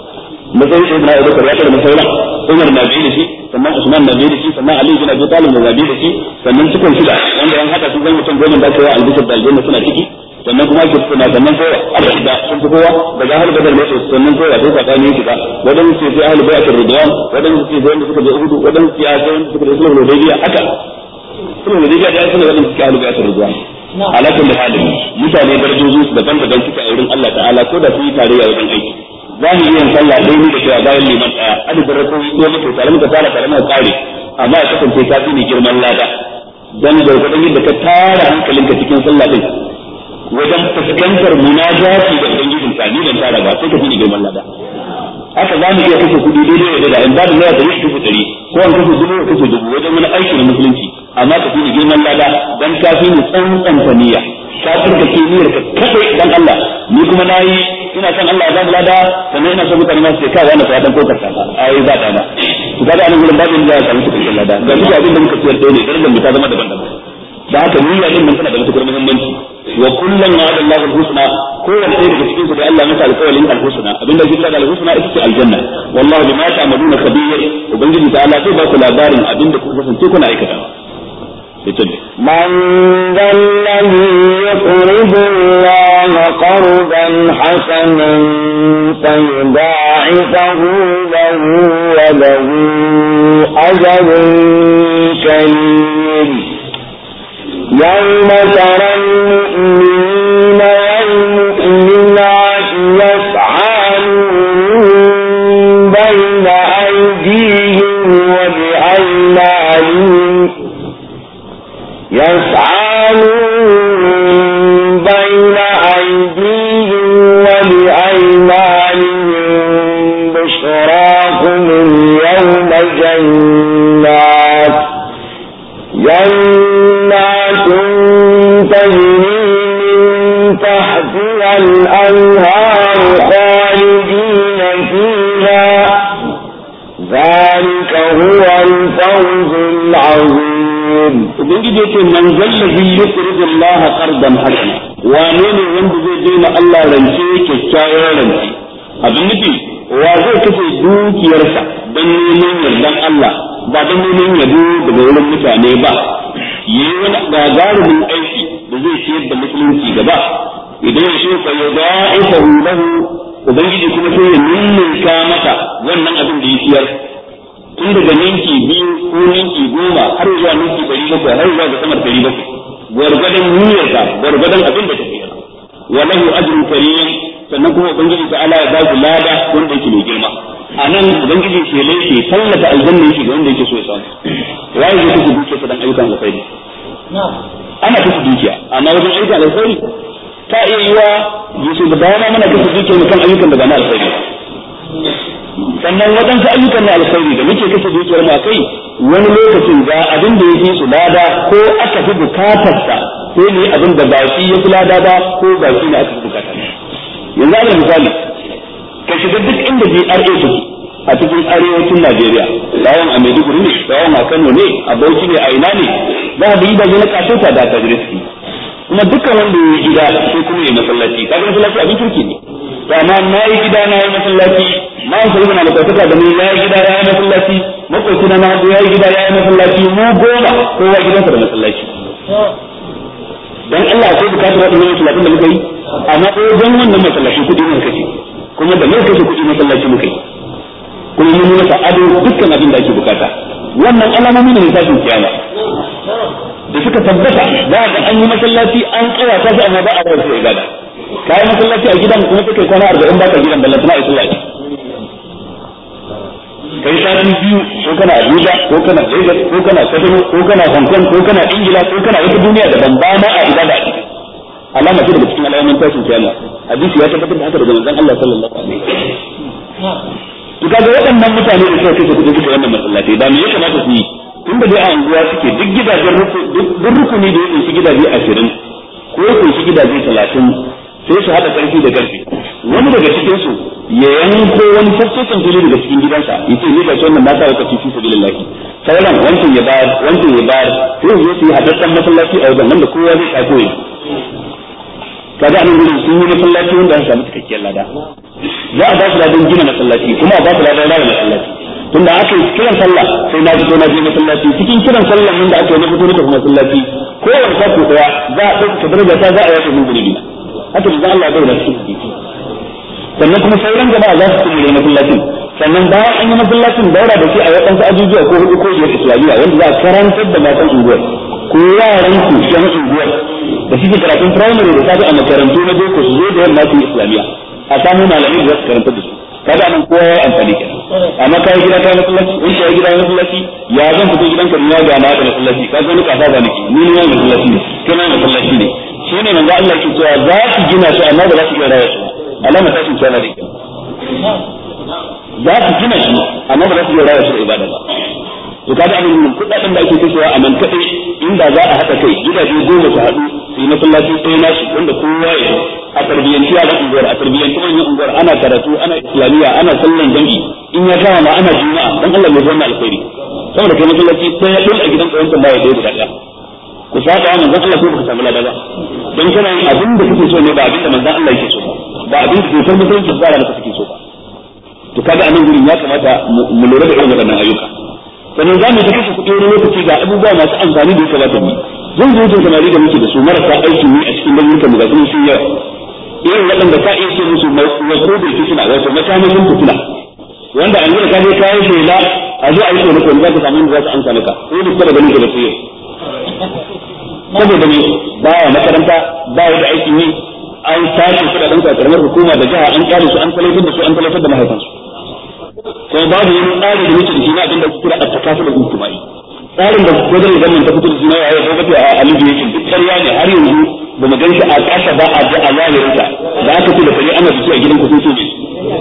matsayin sai na abubakar ya da. masaura umar na biyu da shi sannan usman na biyu da shi sannan ali yana biyu talibin na biyu da shi sannan cikin shida wanda an haka sun zama mutum goma da aka yi albishir da aljanna suna ciki sannan kuma ake tsuna sannan kowa aka da sun fi kowa da zahar da ne su sannan kowa sai tsakanin shi ba wadan su sai ahli bai'a ridwan wadan su sai wanda suka je uhudu wadan su sai wanda suka je sulhu hudaybiya haka sulhu hudaybiya da sulhu wadan suka ahli bai'a ridwan ala kulli halin mutane darajojin su daban-daban suka a wurin Allah ta'ala ko da sun yi tarayya wajen aiki za mu yi sallah dai ne da cewa bayan liman ɗaya adadin rakowi ko mutu tare muka fara tare muka amma kasance ta fi ne girman lada gargaɗin yadda ka tara hankalinka cikin sallah wajen fuskantar munajati da ubangijin ka ni ban tara ba sai ka fi girman lada haka za mu iya kashe kuɗi daidai da da in ba da naira yi kashe dari ko an kashe dubu ko kashe dubu wajen wani aiki na musulunci amma ka fi girman lada dan ka fi ni tsantsanta niyya ka ka ke niyyar ka kadai dan Allah ni kuma na yi ina son Allah ya ba mu lada sannan ina son mutane masu kai wannan ko dan kokar ka ai eh, ba ta ba ku ga da anan gurin babin da ya samu kuɗin lada ga duk abin da muka ciyar ne dan da mu ta zama daban-daban da haka niyya din nan tana da matukar muhimmanci wa kullun wa'ada Allahu al-husna kowanne ɗaya daga cikin su da Allah masa alƙawarin al-husna abinda yake da al-husna ita ce aljanna wallahu bima ta'maluna khabir ubangiji ta Allah zai ba ku labarin abinda kuka kasance kuna aikata من ذا الذي يقرض الله قرضا حسنا فيضاعفه له وله أجر كريم يوم ترى المؤمنين tallata aljanna yake ga wanda yake so ya samu waye zai kashe dukiya sa dan ayyukan alkhairi ana kashe dukiya amma wajen ayyukan alkhairi ta iya yiwa yusuf da dama mana kashe dukiya mu kan ayyukan da ba na alkhairi sannan waɗansu ayyukan na alkhairi da muke kashe dukiyar mu kai wani lokacin ga abin da yake su lada ko aka fi bukatarsa ko ne abin da ba shi ya fi lada ba ko ba shi ne aka fi bukatarsa yanzu alal misali ka shiga duk inda GRA take a cikin arewacin Najeriya bayan a Maiduguri ne bayan a Kano ne a Bauchi ne a ina ne da yi da gidaje na kasota da ta jirski kuma dukkan wanda ya yi gida sai kuma ya masallaci ga masallaci abin kirki ne to amma na yi gida na yi masallaci na yi sarrafa na da kwakwata da ni na yi gida ya yi masallaci makwaici na ya yi gida ya yi masallaci mu goma ya gidansa da masallaci dan Allah akwai bukatar waɗannan masallaci da muka yi amma ko don wannan masallaci kuɗi mun kashe kuma da mun kashe kuɗi masallaci muka yi kuma mun yi masa ado dukkan abin da ake bukata wannan alamomi ne tashin kiyama da suka tabbata da ga an yi masallaci an tsaya ta amma ba a ba su ibada kai masallaci a gidan kuma kake kwana 40 ba ka gidan ballata na isla ce kai sati biyu ko kana Abuja ko kana Lagos ko kana Kaduna ko kana Hong Kong ko kana Ingila ko kana wata duniya da ban ba a ibada alama ce daga cikin alamomin tashin kiyama hadisi ya tabbatar da haka daga manzon Allah sallallahu alaihi wasallam kaga waɗannan mutane da suka kai su kudu wannan masallaci ba me ya kamata su yi tun da dai a unguwa suke duk gidajen duk rukuni da ya kunshi gidaje ashirin ko ya kunshi gidaje talatin sai su haɗa ƙarfi da ƙarfi wani daga cikin su ya yanko wani sassan fili daga cikin gidansa ya ce ni ga shi wannan na sa wakafi fi sabilillahi sauran wancan ya bayar wancan ya bayar sai su yi haɗaɗɗen masallaci a wajen da kowa zai ƙato ya da anan gurin sun yi masallaci wanda an samu cikakkiyar lada za a ba su ladan gina masallaci kuma a ba su ladan raya masallaci tunda aka yi kiran sallah sai na fito na je masallaci cikin kiran sallah wanda aka yi na fito na tafi masallaci ko wani sako daya za a ɗauka daraja ta za a yafe mun gudubi haka da Allah ya da cikin sannan kuma sauran jama'a za su kuma masallacin sannan bayan an yi masallacin daura da shi a waɗansu ajujuwa ko hudu ko biyar islamiyya wanda za a karantar da matan unguwar ko yaran su yan unguwar da shi karatun primary da sabi a makarantu na boko su zo da yamma su islamiya a samu malamai da su karanta da su kaga nan kowa ya amfani ke amma kai gida kai masallaci in shi gida masallaci ya zan fito gidan ka ya ga na da masallaci ka zo ni ka ba niki ni ne masallaci ne na masallaci ne shi ne manzo Allah ke cewa za su gina shi amma ba za su iya rayuwa su alama ta cin kana da za su gina shi amma ba za su iya rayuwa su ibada ba to kaga amin kudaden da ake kashewa a man kadai inda za a haka kai gidaje goma su haɗu su yi masallaci ɗaya na shi wanda kowa ya zo a tarbiyyanci a unguwar a tarbiyyanci manyan unguwar ana karatu ana islamiyya ana sallan jami'i in ya kama ma ana juma'a dan Allah mai zuwa alkhairi saboda kai masallaci ya ɗin a gidan ƙwayantar baya ɗaya guda ɗaya ku saba wa manzon Allah ko ku samu lada ba dan kana yin abin da kuke so ne ba abin da manzon Allah yake so ba abin da dokar musulunci tsara maka kake so ba to kaga anan gurin ya kamata mu lura da irin waɗannan ayyuka sannan za mu ta kashe kuɗi wani lokaci ga abubuwa masu amfani da ya kamata mu zan zo jin samari da muke da su marasa aikin ne a cikin dangin mu ga sun sun yawa irin waɗanda ka iya ce musu wasu da fitina wasu makamashin fitina wanda an yi gina kaje kayan shela a zo a yi tsoro kuma za ka samu inda za ka amsa maka ko da kada ganin ka da tsaye saboda ne ba ya makaranta ba ya da aikin yi an tashi kudaden ka karamar hukuma da jiha an kare su an talaifin da su an talaifin da mahaifansu ko babu wani tsari da mutum da shi na abin da kira a takasu da hukumai tsarin da wajen da zaman ta fito da ya yayi ko kace a alibi yake duk ƙarya ne har yanzu ba mu ganshi a ƙasa ba a a alamin ta da aka ce da fari ana su a gidan kusurci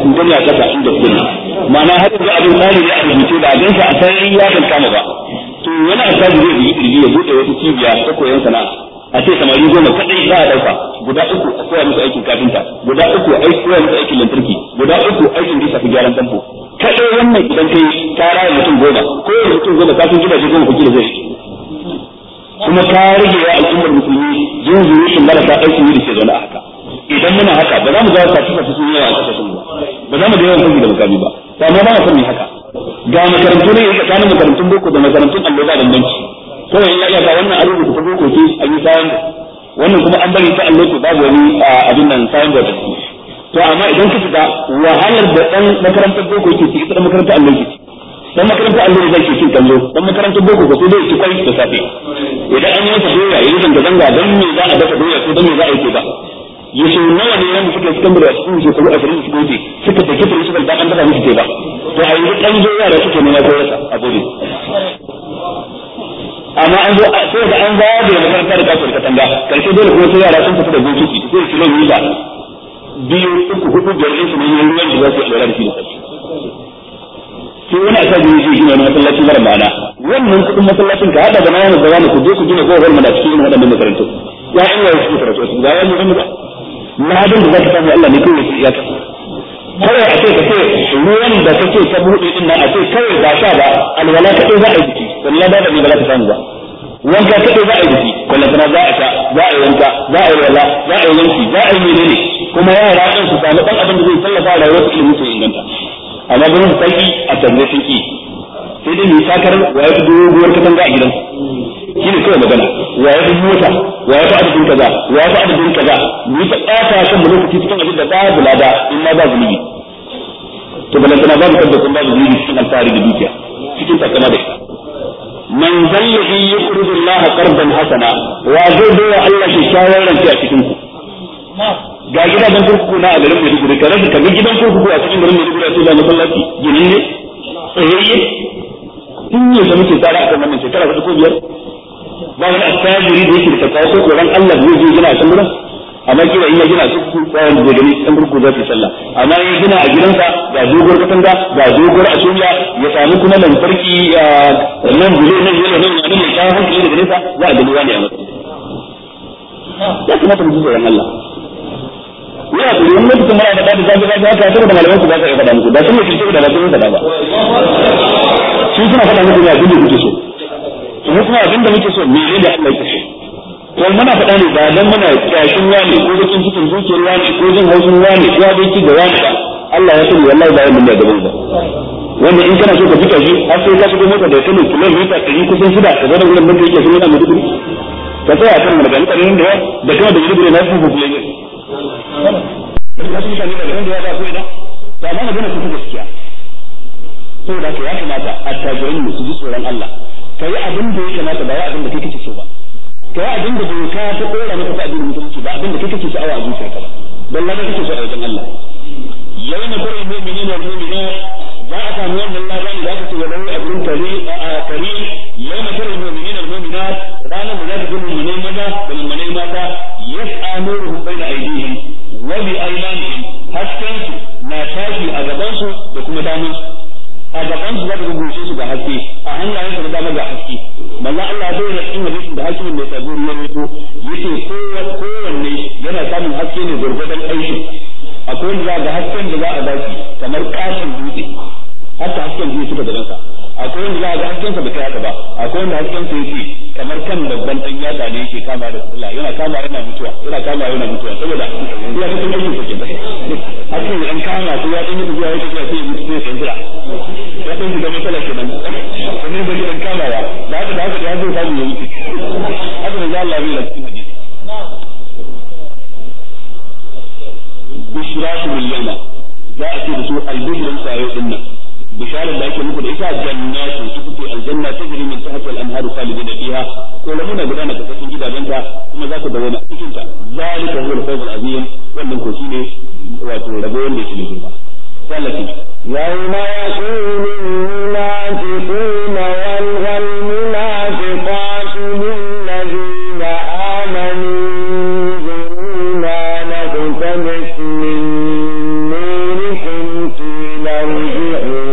sun soke gani a kasa inda ku ne ma'ana har yanzu abin tsari ne a rubuce da a ganshi a sarari ya kan kama ba to wani asali zai yi kirji ya buɗe wata cibiya ta koyon sana'a a ce samari goma kadai za a dauka guda uku a koya musu aikin kafinta guda uku a koya musu aikin lantarki guda uku aikin bisa fi gyaran tamfo kaɗai wannan idan kai ta raya mutum goma ko yanzu mutum goma kafin shi goma kuke da zai kuma ta rage wa al'ummar musulmi jin zurushin marasa aiki yi da ke zaune a haka idan muna haka ba za mu zama kafin kasu sun yawa a kasashen ba ba za mu da yawan kanki da mukami ba ba ma ba na mai haka ga makarantu ne yake tsakanin makarantun boko da makarantun allo ba bambanci kawai in ya ga wannan an rubuta boko ke an yi sayan wannan kuma an bari ta allo babu wani ah, abin nan sayan da to amma idan ka fita wahalar da dan makarantar boko yake ciki dan makarantar Allah yake dan makarantar Allah zai ke cin kallo dan makarantar boko ko dai ci kai da safe idan an yi doya yayin zanga zanga dan me za a dafa doya ko dan me za a yi ba yace nawa ne yanzu suka cikin da su ke kuma asirin su gode suka da kifin su da an dafa musu ba to a yi dan doya da suke nuna ko rasa a gode amma an zo sai da an da makarantar da kafin katanga karshe dole kuma sai yara sun fita da gobe sai su ne ba biyu uku hudu biyar ɗin su manyan ruwan da su yi alwala da shi da sai wani a sajin shi gina wani masallaci mara ma'ana wannan kuɗin masallacin ka haɗa da na yana zawa ku je ku gina wani mana cikin irin waɗannan makarantu ya yi yawa su karatu su ga ya mu zama na hadin da za ka samu Allah ne kawai ya ka kawai a ce ka ce ruwan da kake ta buɗe din nan a ce kawai ba sha ba alwala kaɗai za a yi biki wallahi ba da ne ba za ka samu ba wanka kadai za a yi kullum kwallantana za a sha za a yi wanka za a yi wala za a yi wanki za a yi menene kuma ya yara ɗin su sami ɗan abin da zai tallafa rayuwar su ilimin su inganta amma gudun su sarki a tambaye sun ki sai dai mai sakar waye ta doguwar katanga a gidan shi ne kawai magana waye ta mota waye ta adadin kaza waye ta adadin kaza mu yi ta ɓata kan mu lokaci cikin abin da babu lada in ma ba zunubi to balantana babu tabbacin babu zunubi cikin alfahari da dukiya cikin takama da ita من zalli يقرض الله قرضا hasana wa zai في شاورا في shawaran a cikin ku ga gidajen kurkuku na a garin Maiduguri ka rasa kamar gidan kurkuku a cikin garin Maiduguri a cikin da masallaci gini ne tsayayye tun yi da muke tsara akan wannan shekara hudu ko biyar ba wani da yake da ko Allah zai a can gudan amma kila in ya gina su su da gani ɗan burku za su sallah amma in gina a gidansa ga dogor katanga ga dogor ya sami kuma lantarki nan gure nan yana nan yana mai kawo hankali da nesa za a gani wani a matsayin ya kamata mu ji Allah ya ku yi wani kuma ya da zafi zafi haka sai da malaman ba su iya faɗa muku da sun mutunce da ba sun faɗa ba sun suna faɗa muku ne abin da kuke so kuma abin da muke so ne da Allah ya so Wani muna faɗa ne ba dan muna kyashin wani ko bakin cikin zuciyar wani ko jin haushin wani ko abinci ga wani ba Allah ya sani wallahi ba yin da gaban ba wanda in kana so ka fita shi har sai ka shigo mota da kai mita 100 kusan shida ka zo wurin gurin da yake shigo da mutum ka tsaya kan daga mutanen da da kuma da gurin na su bugu ne ya su mutane da gurin ya ba ko ina ba ma magana su gaskiya saboda ka ya kamata attajirin mu su ji tsoron Allah Ka yi abin da ya kamata ba ya abin da kake so ba to abin da doka ta kora maka ta addinin mutunci ba abin da kake kake sha'awa a zuciyarka ba dan ladan kake so a wajen Allah yawma kullu mu'minin wal mu'minat za a samu wannan ladan da aka ce wa kare a kare. karim yawma kullu mu'minin wal mu'minat ranar da za zaka gudu mu'minai maza da mu'minai mata yas'a nuruhum baina aydihim wa bi aymanihim hasken na tashi a gaban su da kuma damansu a gaban su zaka rubuce su ga haske a hannayen su da ga haske manzo Allah ya bayyana cikin hadisin da haske mai tsaburi ya rubuto yace kowanne kowanne yana samun haske ne gurgurdan aikin akwai wanda ga hasken da za a baki kamar kashin dutse haka hasken dutse suka gaban sa akwai wanda za ga hasken sa ba kai haka ba akwai wanda hasken sa yake kamar kan babban dan yatsa ne yake kama da sallah yana kama yana mutuwa yana kama yana mutuwa saboda ya ta kuma yake kenan hakan an kama ko ya dan yi zuwa yake tafiya sai mutu sai jira ya dan da matsala kenan kuma ba ji an kama ya da haka da haka ya zo samu ya mutu haka ne Allah bai lafi hadisi bishra bil layla za a ce da su al-bishr sayyidina bisharin da ake muku da ita jannatin su kuke aljanna ta jiri min tahti al-anharu khalidin fiha ko lamun na gudana ta cikin gidajen ta kuma za ku dawo na cikin ta zalika huwa al-fawz al-azim wannan ko shine wato rabo wanda yake da girma sallati yawma yaqulu munafiquna wal munafiqatu lillazina amanu zuruna naqtabis min nurikum tularji'un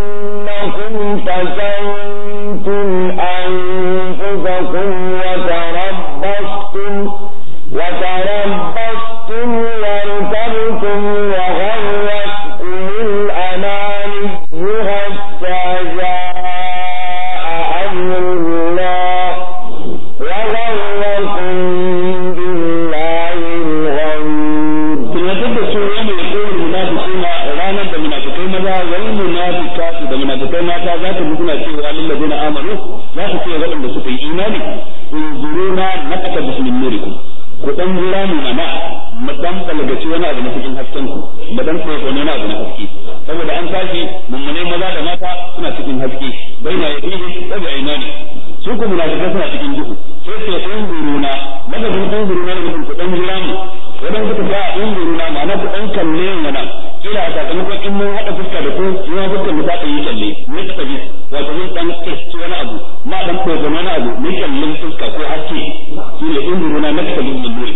أنكم فتنتم أنفسكم وتربصتم وتربصتم وارتبتم munafiqun za su ce waɗanda suka yi imani unzuruna naqata bismin nurikum ku ɗan jira mu mana mu ɗan wani abu na cikin hasken ku mu ɗan tsoko ne na abu na haske saboda an tashi mummune maza da mata suna cikin haske bai na baina yadihim da bi ne su ku munafiqun suna cikin duhu sai ce ɗan madadin na ne ku ɗan jira mu wadan suka ga in guru na ma'ana ku dan kalle yana ila ko in mun hada fuska da ku ya fuska mu ta yi kalle ne ta bi wato mun dan test wani abu ma dan ko da wani abu ne kallon fuska ko haske shi ne in guru na na ta bi mun dole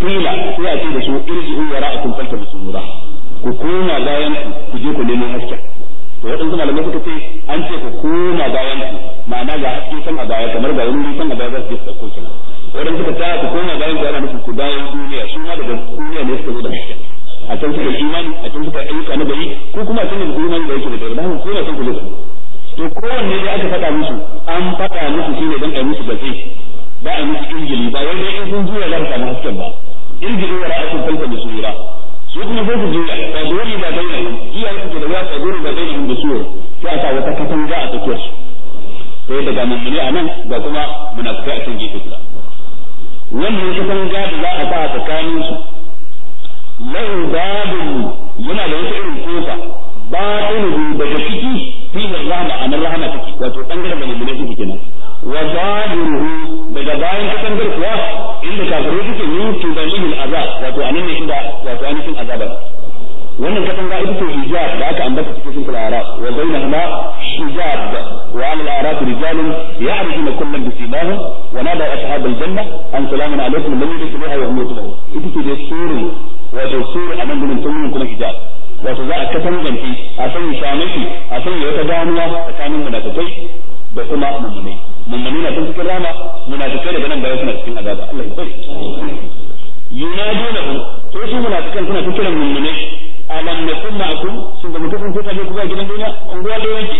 kila sai a ce da su irji in wara'akum falta bisura ku koma bayan ku je ku nemo haske to waɗansu malamai suka ce an ce ku koma bayan ku ma'ana ga haske san a baya kamar ga wani san a baya za su je su ɗauko kenan wadanda suka tsaya ku koma bayan ku ana nufin su bayan duniya su ma daga duniya ne suka zo da gaskiya a can suka imani a can suka ayyuka na gari ko kuma a can da imani da yake da gari dan ko na san ku zo to kowanne ne aka faɗa musu an faɗa musu shine dan ai musu gaske ba a musu injili ba wai dai in sun juya za su samu hasken ba injili wa ra'atul falka bi sura su kuma sai su juya ba dole ba dai iya su da wata dole ba dai da bisu sai a aka wata katanga a tsakiyar su sai daga mummuni a nan ga kuma munafikai a cikin gefe guda wannan katanga da za a sa a tsakanin su lahu babun yana da wata irin kofa batinu daga ciki da rahma anan rahma take wato bangaren da mummune suke kenan wa zahiruhu daga bayan katangar kuwa inda kafirai suke min tudalihil azab wato anan ne inda wato anishin azabar. wannan katanga ita ce hijab da aka ambata cikin sunan al-araf wa bainahuma hijab wa ala al-araf rijalun ya'rifuna kullan bi simahum wa nada ashab al-janna an salamun alaykum lam yadkhuluha wa hum yutlaun ita ce da sura wato sura anan gurin tunan kuma hijab wato za a katangance a sanya shamaki a sanya wata damuwa tsakanin munafikai da kuma mummunai mummunai na cikin rama munafikai daga nan baya suna cikin azaba Allah ya tsare yunadunahum to su munafikan suna cikin mummunai alam na nakum kun sun ga mutum ko tafi ku ga gidan duniya unguwa da yake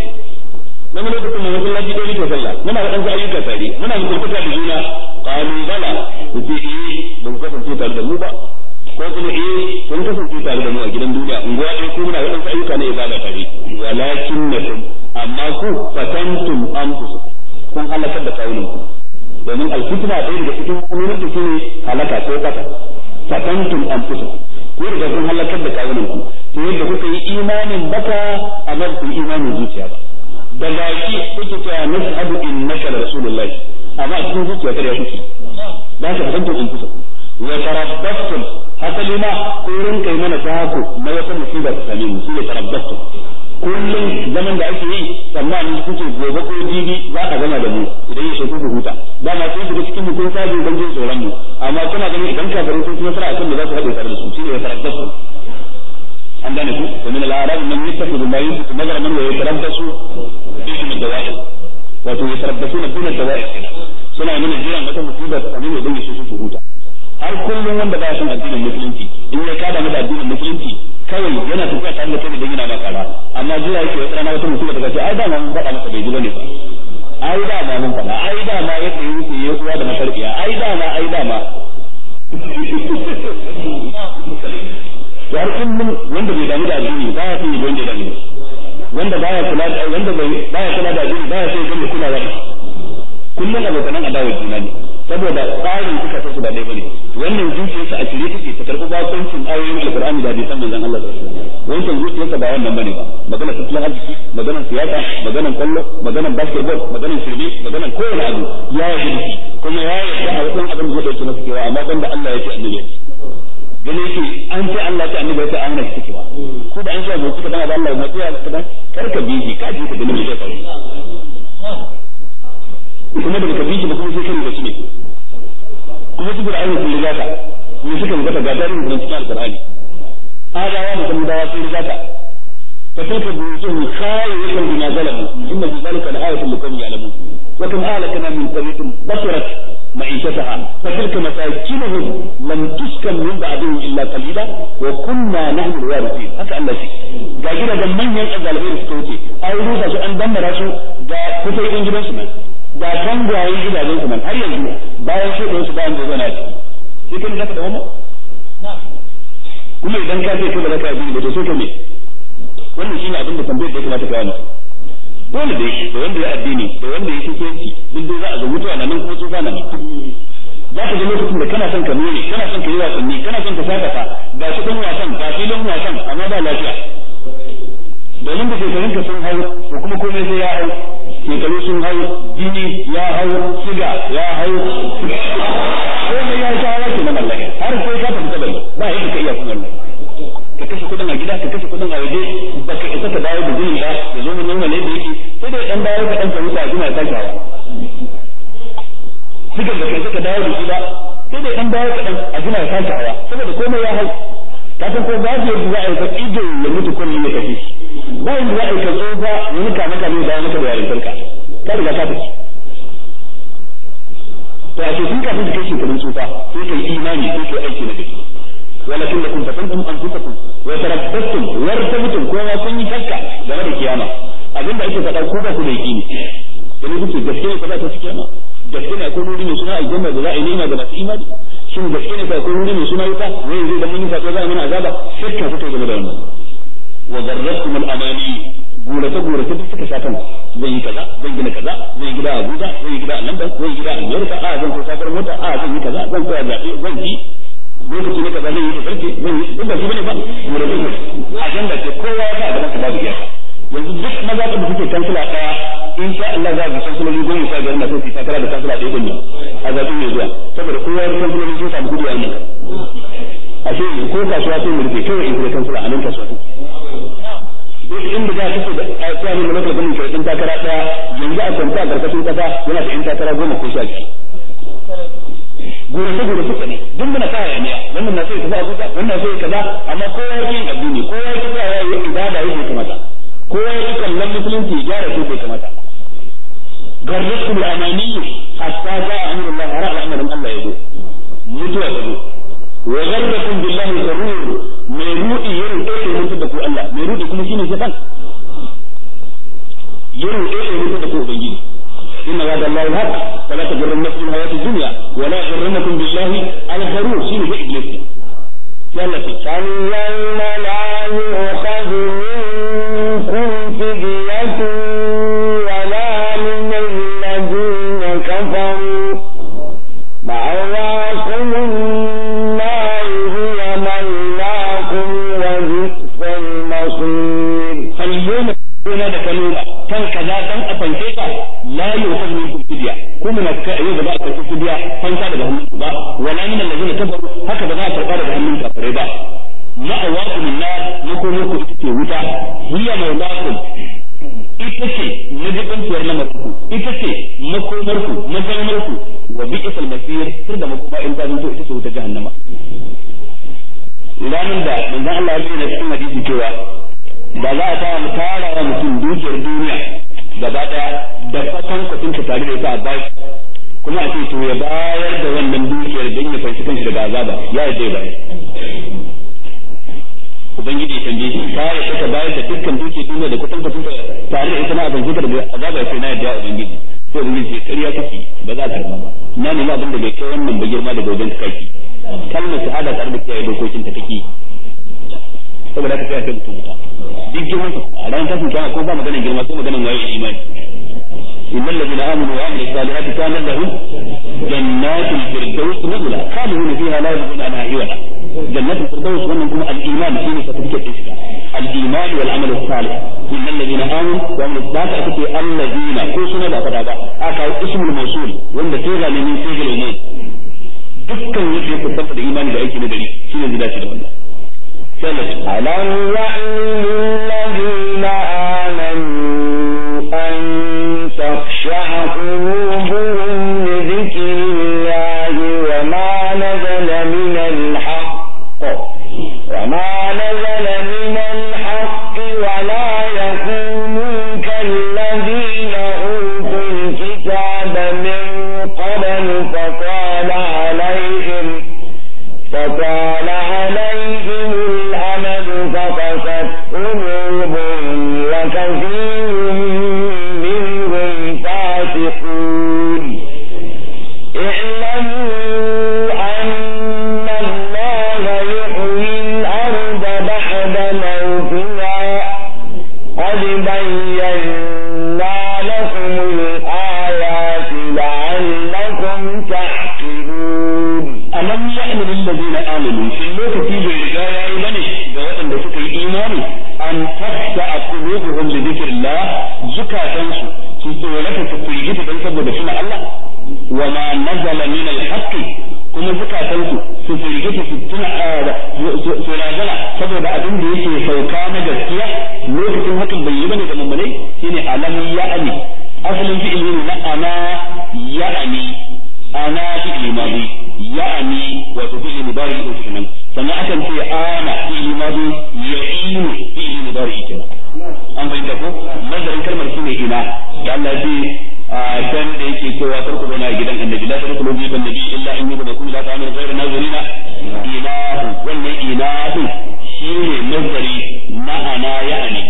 nan lokacin mun Allah ji dai da sallah muna da dan ayyuka tare muna da kurkuta da juna qalu bala kuce eh mun kasance tare da mu ba ko kuma eh kun kasance tare da mu a gidan duniya unguwa da ku muna da dan ayyuka ne ibada tare walakin na kun amma ku fatantum an anfusakum kun halakar da ku domin alfitna ɗaya daga cikin hukumomin da shine halaka ko kasa fatantum an anfusakum ko da kun halakar da kawunan ku to yadda kuka yi imanin baka amma ku yi imanin zuciya ba da baki kuke cewa nashhadu innaka rasulullahi amma a cikin zuciya kare kuke ba ka fahimta in kusa wa tarabbastum haka lima ko rinka yi mana sako na wata musiba ta same mu shi ne tarabbastum kullum zaman da ake yi tsammanin kuke gobe ko jibi za a gama da mu idan ya shekuku huta da ma sun shiga cikin kun sabi don jin tsoron mu amma kuna ganin idan kafirai sun kuma sara akan da za su haɗe tare da su shine ya su. an gane ku to min al-arab man yattakhidhu ma yanfiqu man wa bi shi min dawa'i wato bi min dawa'i suna nuna jiran wata musiba ta same ne don ya shekuku huta har kullum wanda ba shi addinin musulunci in ya kada mata addinin musulunci kawai yana tafiya tare da kai idan yana maka ra amma zuwa yake wata rana wata mutum ta ce ai da mun faɗa masa bai ji bane ba ai da ma mun faɗa ai da ma yadda yi wuce ya kuwa da masarfiya ai da ma ai da ma yar in mun wanda bai damu da addini ba ya yi wanda da ne wanda baya kula da wanda bai baya kula da addini baya sai ga kula da kullum abokan adawa juna ne saboda tsarin suka sa su ba dai bane wannan sa a shirye take ta karɓi bakoncin ayoyin alqur'ani da san manzon Allah sallallahu alaihi wasallam zuciyar sa ba wannan bane ba magana tattalin arziki magana siyasa magana kallo magana basketball magana shirme magana kowane abu ya yi kuma ya yi a wasan abin da yake na cikewa amma banda Allah yake annabi ganin shi an ce Allah ta annabi ta amana shi cikewa ko da an ce gobe ka dan Allah mai tsaya ka dan karka bi ka ji ka ganin shi kuma daga ka bi shi ba kuma sai kare da shi ne kuma su fir'auna sun riga ka ne suka riga ka ga tarihin da cikin alqur'ani adawa da samudawa sun riga ka فتلك بيوتهم خاوية بما ظلموا إن في ذلك لآية لقوم يعلمون وكم أهلكنا من قرية بصرت معيشتها فتلك مساكنهم لم تسكن من بعدهم إلا قليلا وكنا نحن الوارثين هكا الله فيه جاجنا دمان ينقى ظالمين في كوتي أو روسا سؤال دمرا سو جا كتير إنجبان سمان ga tangwayen gidajen su nan har yanzu bayan shuɗin su bayan zazzana ciki sai kai zaka da wannan kuma idan ka ce kuma da za ka yi to sai ka ne. wannan shine abin da tambayar da ya kamata ka yi dole da da wanda ya addini da wanda ya kenci duk dai za a zo mutuwa nan kuma tsufa nan za ka ji lokacin da kana son ka nore kana son ka yi wasanni kana son ka sakata ga shi kun wasan ga filin wasan amma ba lafiya domin da shekarunka sun hau ko kuma komai sai ya hau shekaru sun hau jini ya hau siga ya hau komai ya sha hawa kuma na mallaka har sai ka tafi kabari ba yadda ka iya kuma ka kashe kudin a gida ka kashe kudin a waje ba ka isa ka dawo da jini ba ya zo mu nuna yadda yake sai dai dan dawo ka dan ka a jima ya sake hawa sigar da ka isa ka dawo da shi ba sai dai dan dawo ka dan a gina ya sake hawa saboda komai ya hau ka ko babu yadda za a yi ka ido ya mutu kullum ya tafi ba yadda za a yi ka tsofa wani kama kame da maka da yarintarka ka riga ka tafi to a ce sun kafin da kai shekarun tsufa sai ka yi imani sai ka yi aiki na gari ولكن لكم فتنتم انفسكم وتربصتم وارتبتم كما yi شكا game da kiyama abin da ake faɗa ko ba ku da ne idan kuke gaske ne ba ta kiyama gaske ne akwai nuri ne suna aljanna da za a yi ni'ima ga masu imani shin shi ne kai ko wuri mai suna fa? ne zai da mun fata za a mana azaba shakka ta tafi da wannan wa garrakum al-amani gurace gurace duk suka shatan zai yi kaza zai gina kaza zai gida Abuja zai gida London zai gida America a zan kai safar mota a zan yi kaza zan koya zabe zan yi lokaci ne kaza zai yi sarki zan yi duk da shi bane ba gurace agenda ce kowa ya ga gaban ka babu iyaka yanzu duk maza da suke kansila ɗaya in sha Allah za a san sulami goma sha biyar masu tara da kansila ɗaya ɗin a zaɓen mai zuwa saboda kowa ya kansula sulami sun samu gudu wannan a ce ko kasuwa sun murfe kawai in kuma kansila a nan kasuwa duk inda za a kace da tsarin da lokacin kira ɗin takara ɗaya yanzu a kwanta a ƙarƙashin ƙasa yana da ɗin takara goma ko sha biyu ka ne duk muna sa wannan na kaza wannan kaza amma kowa ya addini kowa ya yi ibada kowa ya yi kallon musulunci ya gyara ko bai kamata garratul amaniyu hatta ga a amuru Allah har al'amarin Allah ya zo mutuwa ta zo wa garrakum billahi sarur mai rudi yaro ɗaya mutu da ku Allah mai rudi kuma shine shaitan yaro ɗaya mutu da ku ubangiji إن وعد الله الحق فلا تغرنكم الحياة الدنيا ولا يغرنكم بالله الغرور شنو في إبليس yana ce sannan mana yi wasu kun fi biyatu wa na nunan lagu na kafan ba awa kuma na yi zuwa mai na kuma wani sai masu gona da ka noma kan kaza dan a fanke ka la yu'khadhu minkum fidya ko mun kai yau da ba ka karɓi fidya fanka daga hannun ku ba wala na min allazina kafaru haka ba za a karɓa daga hannun kafirai ba na ma'awakum nar na ku ita ce wuta hiya maulakum ita ce na majibanciyar na masu ita ce na makomar ku mazanar ku wa bi isal masir tun da makoma in ta zanto ita ce wuta jahannama ranar da manzon Allah ya na cikin hadisi cewa da za a tara tara wa mutum dukiyar duniya gaba daya da fatan kuɗin ta tare da ita a bashi kuma a ce to ya bayar da wannan dukiyar don ya fanci kanshi daga azaba ya yi ba ubangiji canje shi Ta yi ta bayar da dukkan dukiyar duniya da kuɗin kuɗin tare da ita na fanci daga azaba sai na yadda ubangiji ko ubangiji ya ƙarya kake ba za ka karba ba na nemi abin da bai kai wannan ba girma daga wajen kaki kalmar shahada tare da kiyaye dokokin ta kake saboda haka sai a mutum duk girman a ran tashin kiyama ko ba magana girma sai magana waye imani إن الذين آمنوا وعملوا الصالحات كان لهم جنات الفردوس نزلا خالدون فيها لا يجدون عنها عوضا جنات الفردوس ومنكم الإيمان فيه ستبكي الإيمان والعمل الصالح إن الذين آمنوا وعملوا الصالحات الذين كوسنا لا تدابا أكا اسم الموصول وإن سيغا من سيغ الإيمان dukkan yadda ya kusanta da imani da aiki na gari shi zai dace da wannan سلف ألم يعلم الذين آمنوا أن تخشع قلوبهم لذكر الله وما نزل من الحق وما نزل من الحق ولا يكونوا كالذين أوتوا الكتاب من قبل فطال عليهم فطال عليهم الأمد فقست قلوبهم وكثير منهم فاسقون اعلموا أن الله يحيي الأرض بعد موتها قد بينا لكم الآيات لعلكم تعقلون alam ya'ni lil ladina amanu shi lokaci bai riga yayi bane ga waɗanda suka yi imani an tafsa qulubuhum li dhikrillah zukatan su su tsorata su firgita dan saboda suna Allah wa ma nazala min al kuma zukatan su su firgita su tuna ah, su razana saboda abin da yake sauka na gaskiya lokacin hakan bai yi bane ga mummunai shine alam ya'ni asalin fi'ili ne na ana ya'ni ana fi'ili madi ya'ni wato fi'il mudari ko kenan sannan akan ce ana fi'il madi ya'inu fi'il mudari kenan an bayyana ko mazarin kalmar shine ina da Allah ya dan da yake cewa kar ku zauna a gidan annabi la tadkhulu bi annabi illa an yubda kum la ta'malu ghayra nazirina ilahu wannan ilahu shine nazari ma'ana ya'ni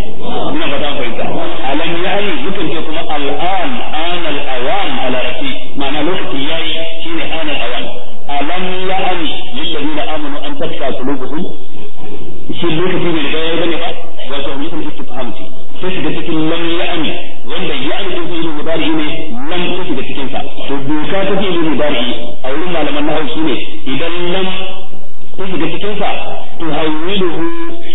ina fata fahimta alam ya'ni mutum ce kuma al'an ana al'awam ala rafi ma'ana lokaci yayi shine ana al'awam alam ya ani lillahi na amanu an tafka kulubuhum shi lokaci ne da ya bane ba fahimci sai shiga cikin lam ya wanda ya fi'il mudari ne lam ta shiga cikin sa to doka ta fi'il mudari a wurin malaman nahawu shine idan lam ta shiga cikin sa to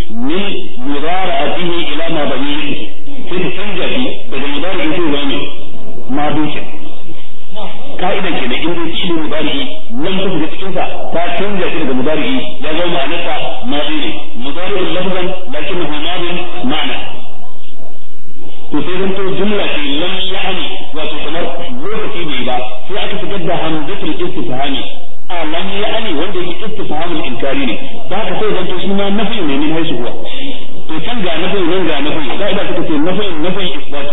istifhamul inkari ne da haka sai zanto shi ma nafi ne min haisu huwa to can ga nafi nan ga nafi da ida suka ce nafi nafi isbat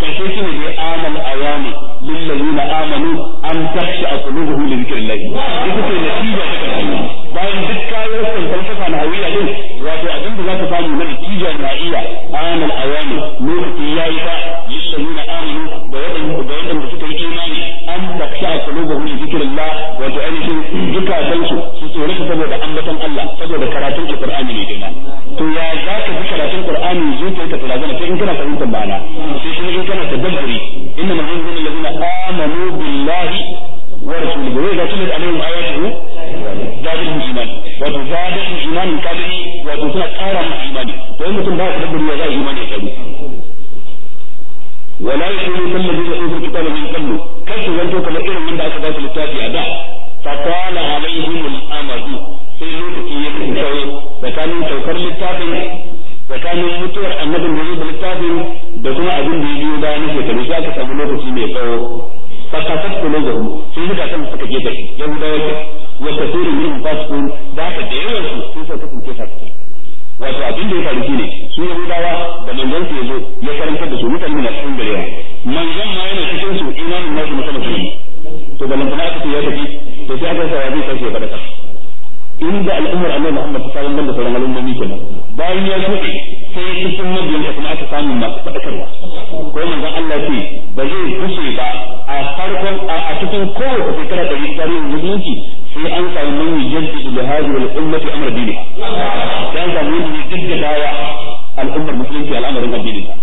karshe shi ne dai amal ayani lillazina amanu an takhsha qulubuhum li dhikrillah ita ce natija ta karfi bayan duk kayan san falsafa na hawiya din wato abin da za ka samu na natija na iya amal awani lokaci yayi fa lillazina amanu da wadanda da wadanda suka yi imani an takhsha qulubuhum li dhikrillah wato ainihin zukatan su su tsore saboda ambaton Allah saboda karatun Qur'ani ne dina to ya za ka bi karatun Qur'ani zuciyarka ta razana sai in kana fahimtar ma'ana sai kuma in kana tadabburi inna man yanzuru alladhina alladhina amanu billahi wa rasulihi wa yatlu alaihim ayatuhu zadatuhum iman wa zadatuhum iman kadri wa suna tsara musu to in mutum ba ya tadabburi ya zai imani ya tsaro wala yakunu kal ladina utul kitaba min qablu kai su zanto kamar irin wanda aka ba su littafi a da fatala alaihim al amadu sai lokaci ya kawo tsakanin saukar littafin tsakanin mutuwar annabin da da littafin da kuma abin da ya biyo bayan na shekaru sai aka samu lokaci mai tsawo fakasat kulubuhum sun suka san suka je da yahudawa ke ne kasirin min kun da haka da yawan su sun suka ke fasikai wato abin da ya faru shine su yahudawa da manzon su yazo ya karantar da su mutane na cikin garewa manzon ma yana cikin su imanin nasu musamman to balantana aka ce ya tafi to sai aka sa ya zai tashi ya faɗa inda al'ummar annabi Muhammad ta samu banda sauran al'ummomi kenan bayan ya shuɗe sai cikin mabiyan da kuma aka samu masu faɗakarwa ko manzon Allah ce ba zai kushe ba a farkon a cikin kowace shekara da tarihin musulunci sai an samu man yajaddidu li hadhihi al-ummati amr diniha sai an samu man da wa al'ummar musulunci al'amarin addininta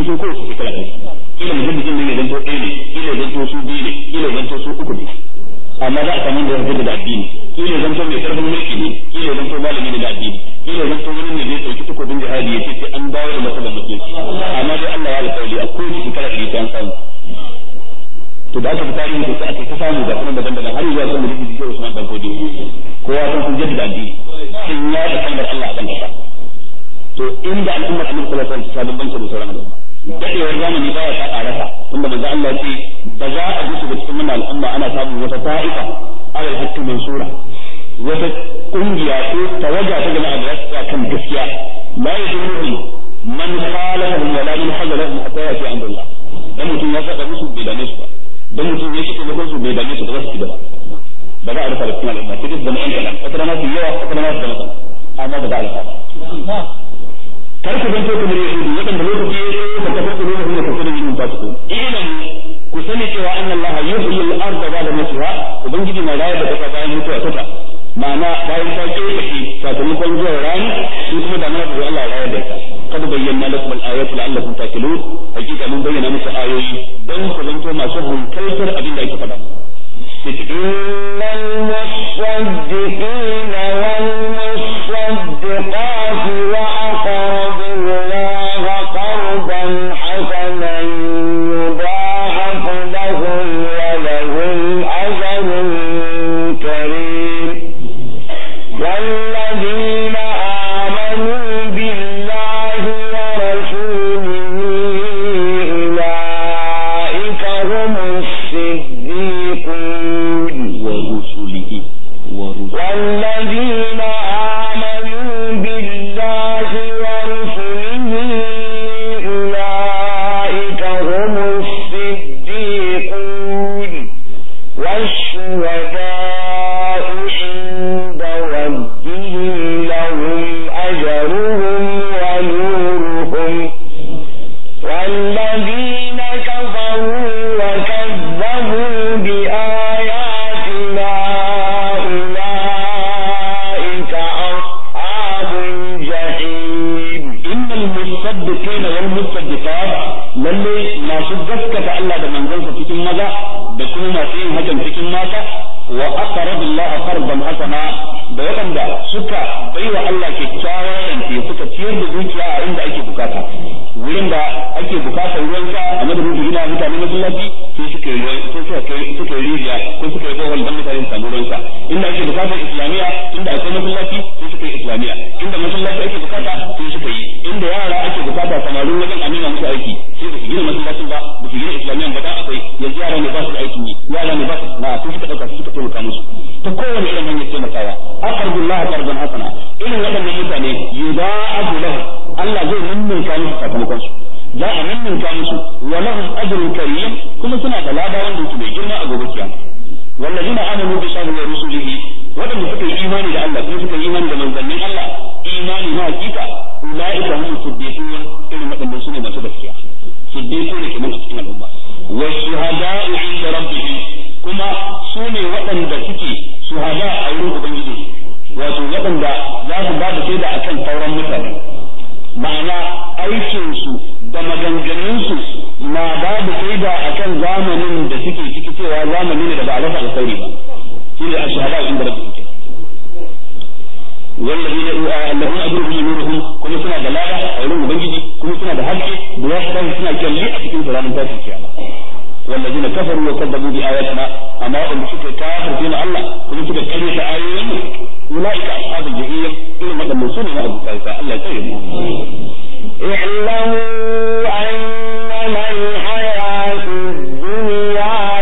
cikin kowace shekara ɗaya kila mujaddidin ne ya zanto ɗaya ne kila ya zanto su biyu ne kila ya zanto su uku ne amma za a samu da yanzu da addini kila zan to mai karfin mulki ne kila zan to malami ne da addini kila zan to wani ne zai dauki takobin jihadi ya ce sai an dawo da masalan musulunci amma dai Allah ya alƙawari a kowace shekara da ta samu to da aka fitari ne sai aka ta samu da kuma daban daban har mulki da kowa san jaddada addini sun ya da kalmar Allah a kan kasa to inda al'ummar Annabi sallallahu alaihi wasallam ta da sauran al'umma dadewar zamani baya ta karasa tunda manzo Allah ce ba za a gusu ga cikin wannan al'umma ana samun wata ta'ifa alal hakki mansura wata kungiya ko tawaja ta jama'a da za kan gaskiya la yadurru man khalafahum wa la yuhaddathum hatta yati amrullah dan mutum ya saka musu bai dame su ba dan mutum ya saka musu bai dame su ba su ci gaba ba za a rufa da cikin al'umma sai dai zama yan kalam wata rana su yawa wata rana su zama kalam amma ba za a rufa ba kar ku zanto kamar yahudu waɗanda lokaci ya yi ka tafi ku nuna kuma kafin yin ba su ilam ku sani cewa anna allaha yuhyi al-ardha ba'da mawtiha ubangiji na rayar da kasa bayan mutuwa ta ma'ana bayan ta ke kashi sakamakon zuwa rani shi kuma da mana ku Allah rayar da ita kada bayyana lakum al-ayatu la'allakum taqilun hakika mun bayyana musu ayoyi don ku zanto masu hankaltar abin da ake faɗa إن المصدقين والمصدقات وأقرضوا الله قرضا حسنا يضاعف cikin maza da kuma masu yin hakan cikin mata wa aqradu Allah qardan hasana da waɗanda suka baiwa Allah kyakkyawan rance suka ciyar da dukiya a inda ake bukata wurin da ake bukata ruwan sha a madadin su gina mutane masallaci sai suka yi sai suka yi rijiya ko suka yi bohol dan mutane samu ruwan sa inda ake bukatar islamiya inda akwai masallaci sai suka yi islamiya inda masallaci ake bukata sai suka yi inda yara ake bukata samarin wajen amina musu aiki sai ba su gina masallacin ba ba su gina islamiyan ba da akwai yanzu yara ne ba su aikin ne yara ne ba su na sai suka dauka suka taimaka musu ta kowane irin hanyar taimakawa aqrabullaha qardan hasana irin waɗannan mutane yudaafu Allah zai mimminka musu sakamakon su za a mimminka musu wa lahum ajrun karim kuma suna da lada wanda yake mai girma a gobe kiyama والذين آمنوا بشهر ورسله ودم سكي إيمان إلى الله كما سكي إيمان إلى من ظنين الله إيمان ما كيكا أولئك هم الصديقون إلى kuma su ne waɗanda suke shuhada a wurin ubangiji wato waɗanda za su ba da shaida kan sauran mutane ma'ana aikinsu da maganganunsu na ba da shaida a kan zamanin da suke ciki cewa zamani ne da ba a rasa alkhairi ba shi ne a shahada inda rabbi ke والذين ne اجرهم kuma suna da دلاله a wurin ubangiji kuma suna da hakki da wasu kan suna kyalli a cikin salamin tashin kiyama والذين كفروا وكذبوا بآياتنا أما أن شكر كافر دين الله كما سكر كريم آيين أولئك أصحاب الجحيم إنما الموصول إلى أبو سعيد الله يسلم اعلموا أنما الحياة الدنيا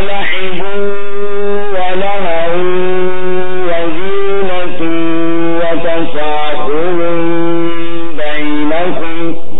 لعب ولهو وزينة وتفاخر بينكم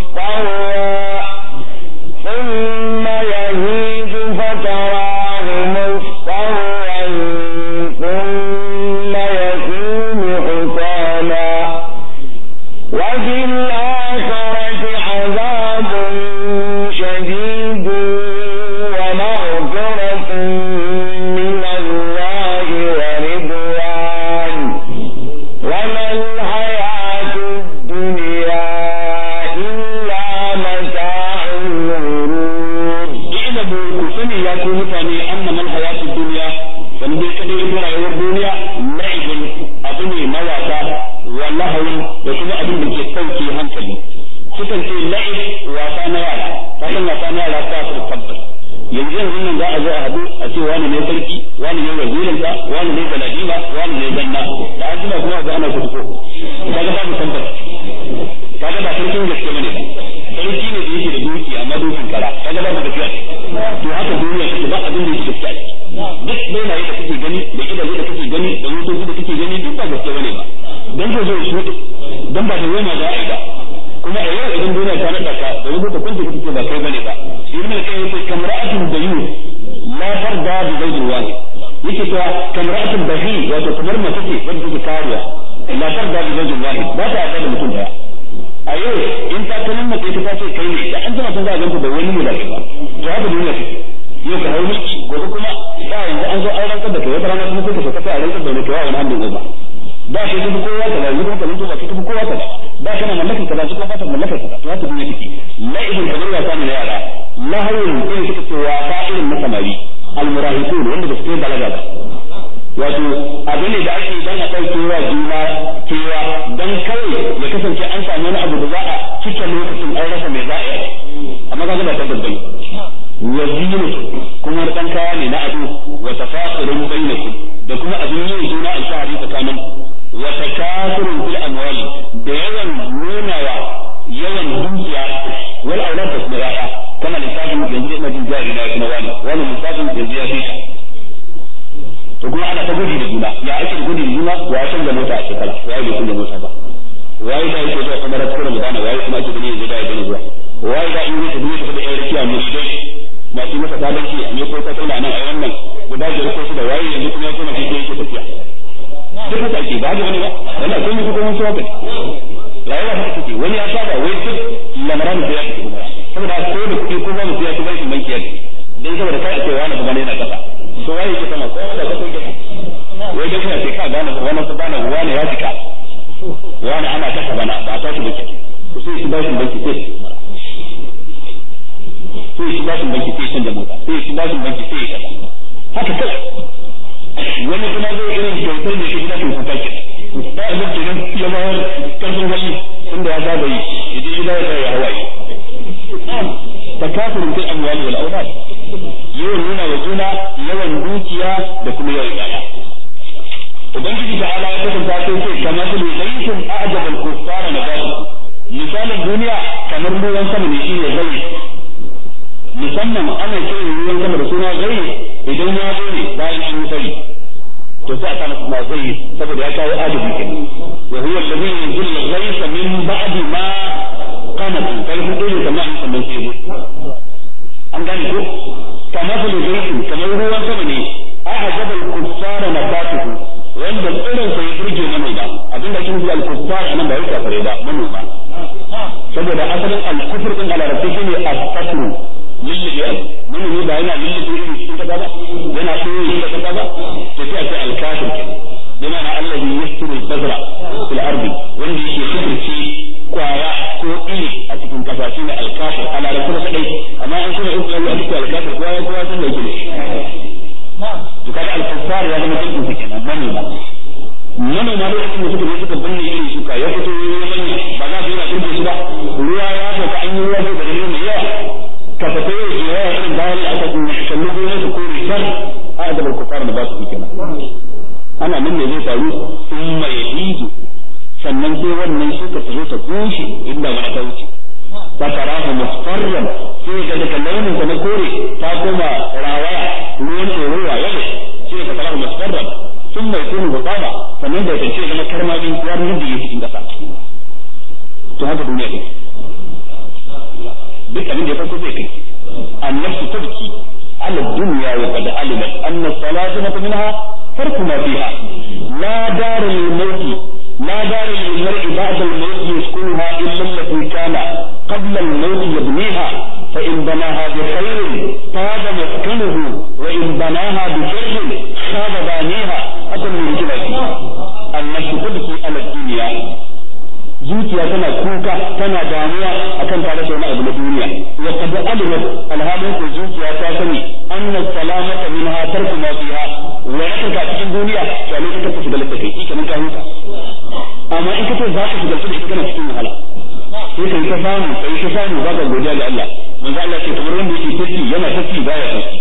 وفي الآخرة عذاب شديد ومغفرة من الله ورضوان وما الحياة الدنيا إلا متاع الغرور اعلموا كفني يا كونتني أنما الحياة الدنيا فنبيك لي إبراهيم الدنيا لعب أبني مواساه wa da kuma abin da ke sauke hankali sukan ce la'ib wasa na yara wasan wasa na yara ta su tabbas yanzu yanzu nan za a zo a hadu a ce wani ne sarki wani ne wazirinsa wani ne galadima wani ne zanna da an jima kuma ga ana kutuko kaga babu tabbas kaga ba sarkin gaske bane ba sarki ne da yake da doki amma dokin kara kaga babu gaskiya to haka duniya take ba abin da yake gaskiya duk dole ne da kake gani da idan da kake gani da mutum da kake gani duk ba gaske bane ba dan ke zai shi dan ba da yana da ba kuma a yau idan duniya ta nada ka da rubuta kunta kike ba kai bane ba shi ne kai yake kamra'atun bayyun la farda bi zaidin wahid yake cewa kamra'atun bahi wato kamar mace ce wanda take kariya la farda bi zaidin wahid ba ta da mutum daya a yau in ta kanin mace ta ce kai ne da an zama sun za a ganta da wani mu da ba to haka duniya take yau ka hau mulki gobe kuma ba yanzu an zo an rantsar da kai wata rana kuma sai ka shaka sai a rantsar da kai wa wani hannun ba da shi tafi kowa kaza yanzu kuma kalin tuba tafi kowa kaza da kana mallakar kaza shi kuma ba ta mallakar kaza to haka duniya take la'ibin kamar wasa ne na yara lahawin irin suka ce wasa irin na samari almurahikun wanda ba su kai balaga ba wato abin ne da ake dan a ɗauke wa juna cewa dan kai ya kasance an samu wani abu da za a cike lokacin an rasa mai za a yi amma kaga ba tabbas bane wazinu kuma dan kaya ne na abu wa tafaqurun bainakum da kuma abin yin juna alfahari tsakanin wa takasirun fil amwali da yawan nuna yawan dukiya wal aulad da kuma kana lissafin yanzu ina jin jari na kuma wani wani lissafin yanzu ya fita to ana ta gudu da juna ya ake gudu da juna wa san da mota a shekara wa ya kun da mota ba waye da yake zuwa kamar cikin Ramadana waye kuma ake gani yanzu da ya gani waye da in yake duniya ta da yar kiya ne dai ba shi masa ne ko ta tana a wannan guda da ko da waye yanzu kuma ya kuma kike yake tafiya duk haka ake ba haka wani ba wannan kun yi hukumin su haka ya haka take wani ya saba wai duk lamaran da ya fito saboda ko da kuɗi ko ba mu a su bashin banki yadda dan saboda kai ake wani kuma yana kasa to waye ke sama ko da kasa ke wai dai kuna sai ka gane wannan su wani ya fita wani ana kasa bana ba ta shi banki to sai shi bashin banki sai sai shi banki sai canza mota sai shi bashin banki sai haka kai wani kuma zai irin kyautar da shi gida ke kuka ke ba a zai kenan ya bayar karfin wani inda ya saba yi ya je gida ya ya hawaye ta kafin kai amwali wani auna yawan nuna wa juna yawan dukiya da kuma yawan yaya ubangiji ta ala ya kasanta sai ce kamar su a ajabar kofara na basu misalin duniya kamar ruwan sama ne shi ne zai musamman ana kiran ruwan sama da suna zai idan ya zo ne bayan an sari to sai a sa masa zai saboda ya kawo adabi kenan wa huwa alladhi yunzilu ghaytha min ba'di ma qamat kai hudu ne kamar an an gane ko kamar da kamar ruwan sama ne a ajabal kuffara nabatuhu wanda tsirin sa ya burge ba. abinda kin ji al-kuffar nan ba yake kafare ba manoma saboda asalin al-kufr din al-arabi shine al-fasl lullube abu manomi ba yana lullube irin cikin kasa ba yana soye cikin kasa ba to sai a ce alkafir kenan yana na allazi yasturu al-bazra fil ardi wanda yake kudurce kwaya ko iri a cikin kasa shine alkafir a larabci kadai amma an kuma in kuma ake alkafir kowa ya kowa sun da yake ne to kaga al-kuffar ya zama cikin su kenan manoma manoma lokacin da suka je suka binne irin shuka ya fito ya banya ba za su yi na turbe su ba ruwa ya sauka an yi ruwa sai da ruwa mai yawa ka fito ya ya irin bayan aka kalli gonar su ko rishar a adabar kufar da ba su hikima ana nan ne zai faru in mai hiji sannan sai wannan shuka ta zo ta bushe inda ba ta wuce ta karahu musfarran sai ga daga launin ta na kore ta koma rawaya ruwan ɗorowa yadda sai ka karahu musfarran sun mai sannan da ya kance zama karma da duniya duk abin da ya farko zai kai an nafsu tabki ala dunya wa qad alimat anna salatu ma minha farqu ma fiha la daru lil mawt la daru lil mar'i ba'd al mawt yaskunuha illa allati kana qabla al mawt yabniha fa in banaha bi khairin taaba maskanuhu in banaha bi sharrin taaba baniha akan yujibati an nafsu tabki ala dunya zuciya tana kuka tana damuwa akan tare da wani abu na duniya wa qad alimat alhamin ko zuciya ta sani anna salamata minha tarku ma fiha wa yaka cikin duniya to ne kake shiga da kai kenan ka huta amma in kace za ka shiga lafiya kana cikin wahala sai kai ta samu kai ta samu ba ka godiya ga Allah manzo Allah ce kamar wanda yake tafi yana tafi baya tafi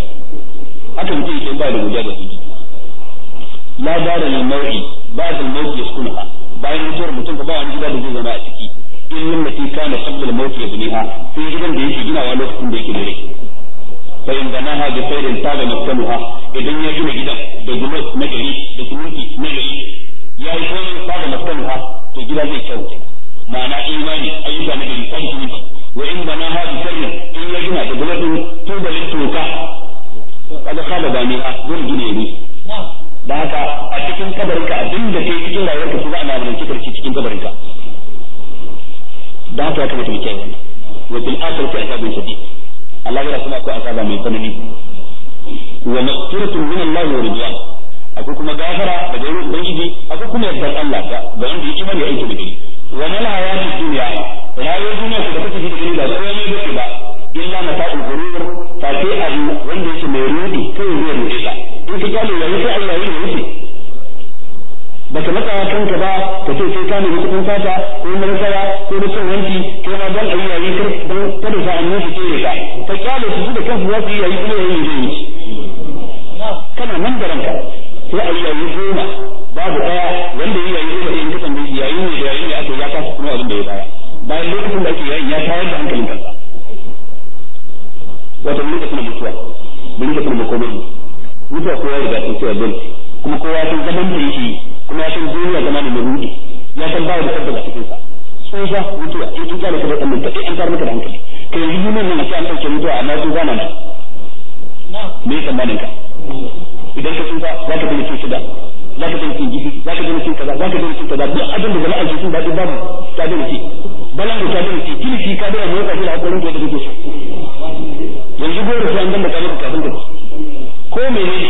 haka mutum yake ba da godiya ga Allah la dara lil maw'i ba'da al-mawt yaskunuha bayan mutuwar mutum ba wani gida da zai zauna a ciki in yin mafi kana sabdul mawti yabniha sai gidan da yake ginawa lokacin da yake da rai fa in banaha bi khairin taga maskanuha idan ya gina gidan da gulo na gari da suminti na gari ya yi komai taga maskanuha to gida zai kyau ma'ana imani ayyuka na gari kan suminti wa in banaha bi sharrin in ya gina da gulo din tubalin toka kaga kala baniha zai gina ne da haka a cikin kabarinka abin da ke cikin rayuwarka su za a mamalance ka shi cikin kabarinka da haka ya kamata mu kiyaye wannan wa bil akhirati azabun shadid Allah ya rasuna a azaba mai tsanani wa maghfiratun min Allah wa ridwan akwai kuma gafara daga wurin ubangiji akwai kuma yardar Allah da da wanda ya imani ya aiki da gari wa mal hayatid dunya rayuwar duniya ku da shi da gani ba komai bace ba illa mata'ul ghurur fa sai abu wanda yake mai rudi kai zai rudi ka in ka kyale yayi sai Allah ya rudi ba ka matsa kanka ba ka ce sai ka nemi kuɗin fata ko na rasara ko na son wanki ko na dan ayi yayi kar dan kada sa annu su ce ka ka kyale su da kansu za su yi yayi kuma yayi zai yi kana nan da ranka sai ayi yayi goma babu daya wanda yayi yayi goma in ka tambayi yayi ne da yayi ne aka ya kasa kuma abin da ya baya bayan lokacin da ake yayin ya tayar da hankalin kansa wato mun kasance mutuwa mun kasance makomai mutuwa kowa ya gasin cewa dole kuma kowa san zaman da yake kuma ya san duniya zama da mai ya san bawa da tabbata cikin sa tsufa mutuwa in kin gane kuma ɗan ta an tar maka da hankali kai yi duniya nan sai an ɗauke mutuwa amma sun gana na me ya tsammanin ka idan ka tsufa za ka gani cin shida za ka gani za ka gani kaza za ka gani cin kaza duk abin da jama'a ke cin daɗi babu ta gani ci balan da ta gani ci kilifi ka dawo shi da hakorin da kake so yanzu goro sai an dan baka ka kafin ka ko mene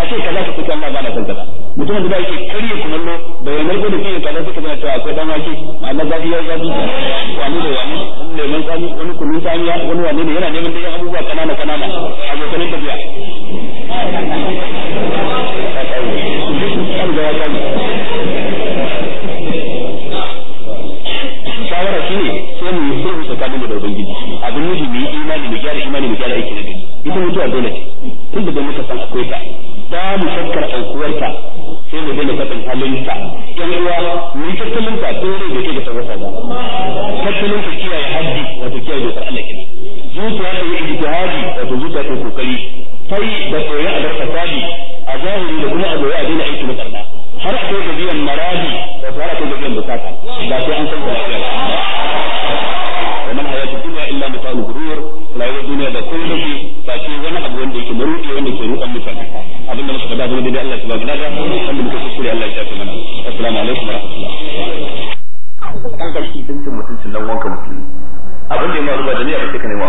a ce kaza ka kuka ma ba na san kaza mutumin da yake karye kumallo bai yanar gudu fiye kaza suka zana cewa akwai dan wake ma'ana zafi ya zafi wani da wani lemun sami wani kunun samiya wani wani ne yana neman dai abubuwa kanana kanana abokanin tafiya an ga ya shawara shine sai mu yi sulhu tsakanin mu da ubangiji abin nufi mu yi imani mu gyara imani mu gyara aiki na gari ita mutuwa dole ce tun da muka san akwai ta ba mu shakkar aukuwarta sai mu daina faɗin halinta yan uwa mu yi tattalin ta tun da ke da sarrafa ba tattalin ta kiyaye haddi wato kiyaye dokar Allah kenan zuciya ta yi ijtihadi wato zuciya ta kokari sai da koyi a bar fasadi a zahiri da kuma a goyi a daina aiki na karna har a kai biyan maradi wato har a kai ga biyan bukata ba sai an san ba wa man hayatu dunya illa mata'ul ghurur rayuwar duniya da kullum ba ce wani abu wanda yake maruɗe wanda ke ruɗan mutane abin da muka faɗa zama daidai Allah subhanahu wa ta'ala wanda muka kuskure Allah ya shafe mana assalamu alaikum wa rahmatullah an karki tuntun mutuncin nan wanka musulmi abin da ya ma ruba da ne a bace ka ne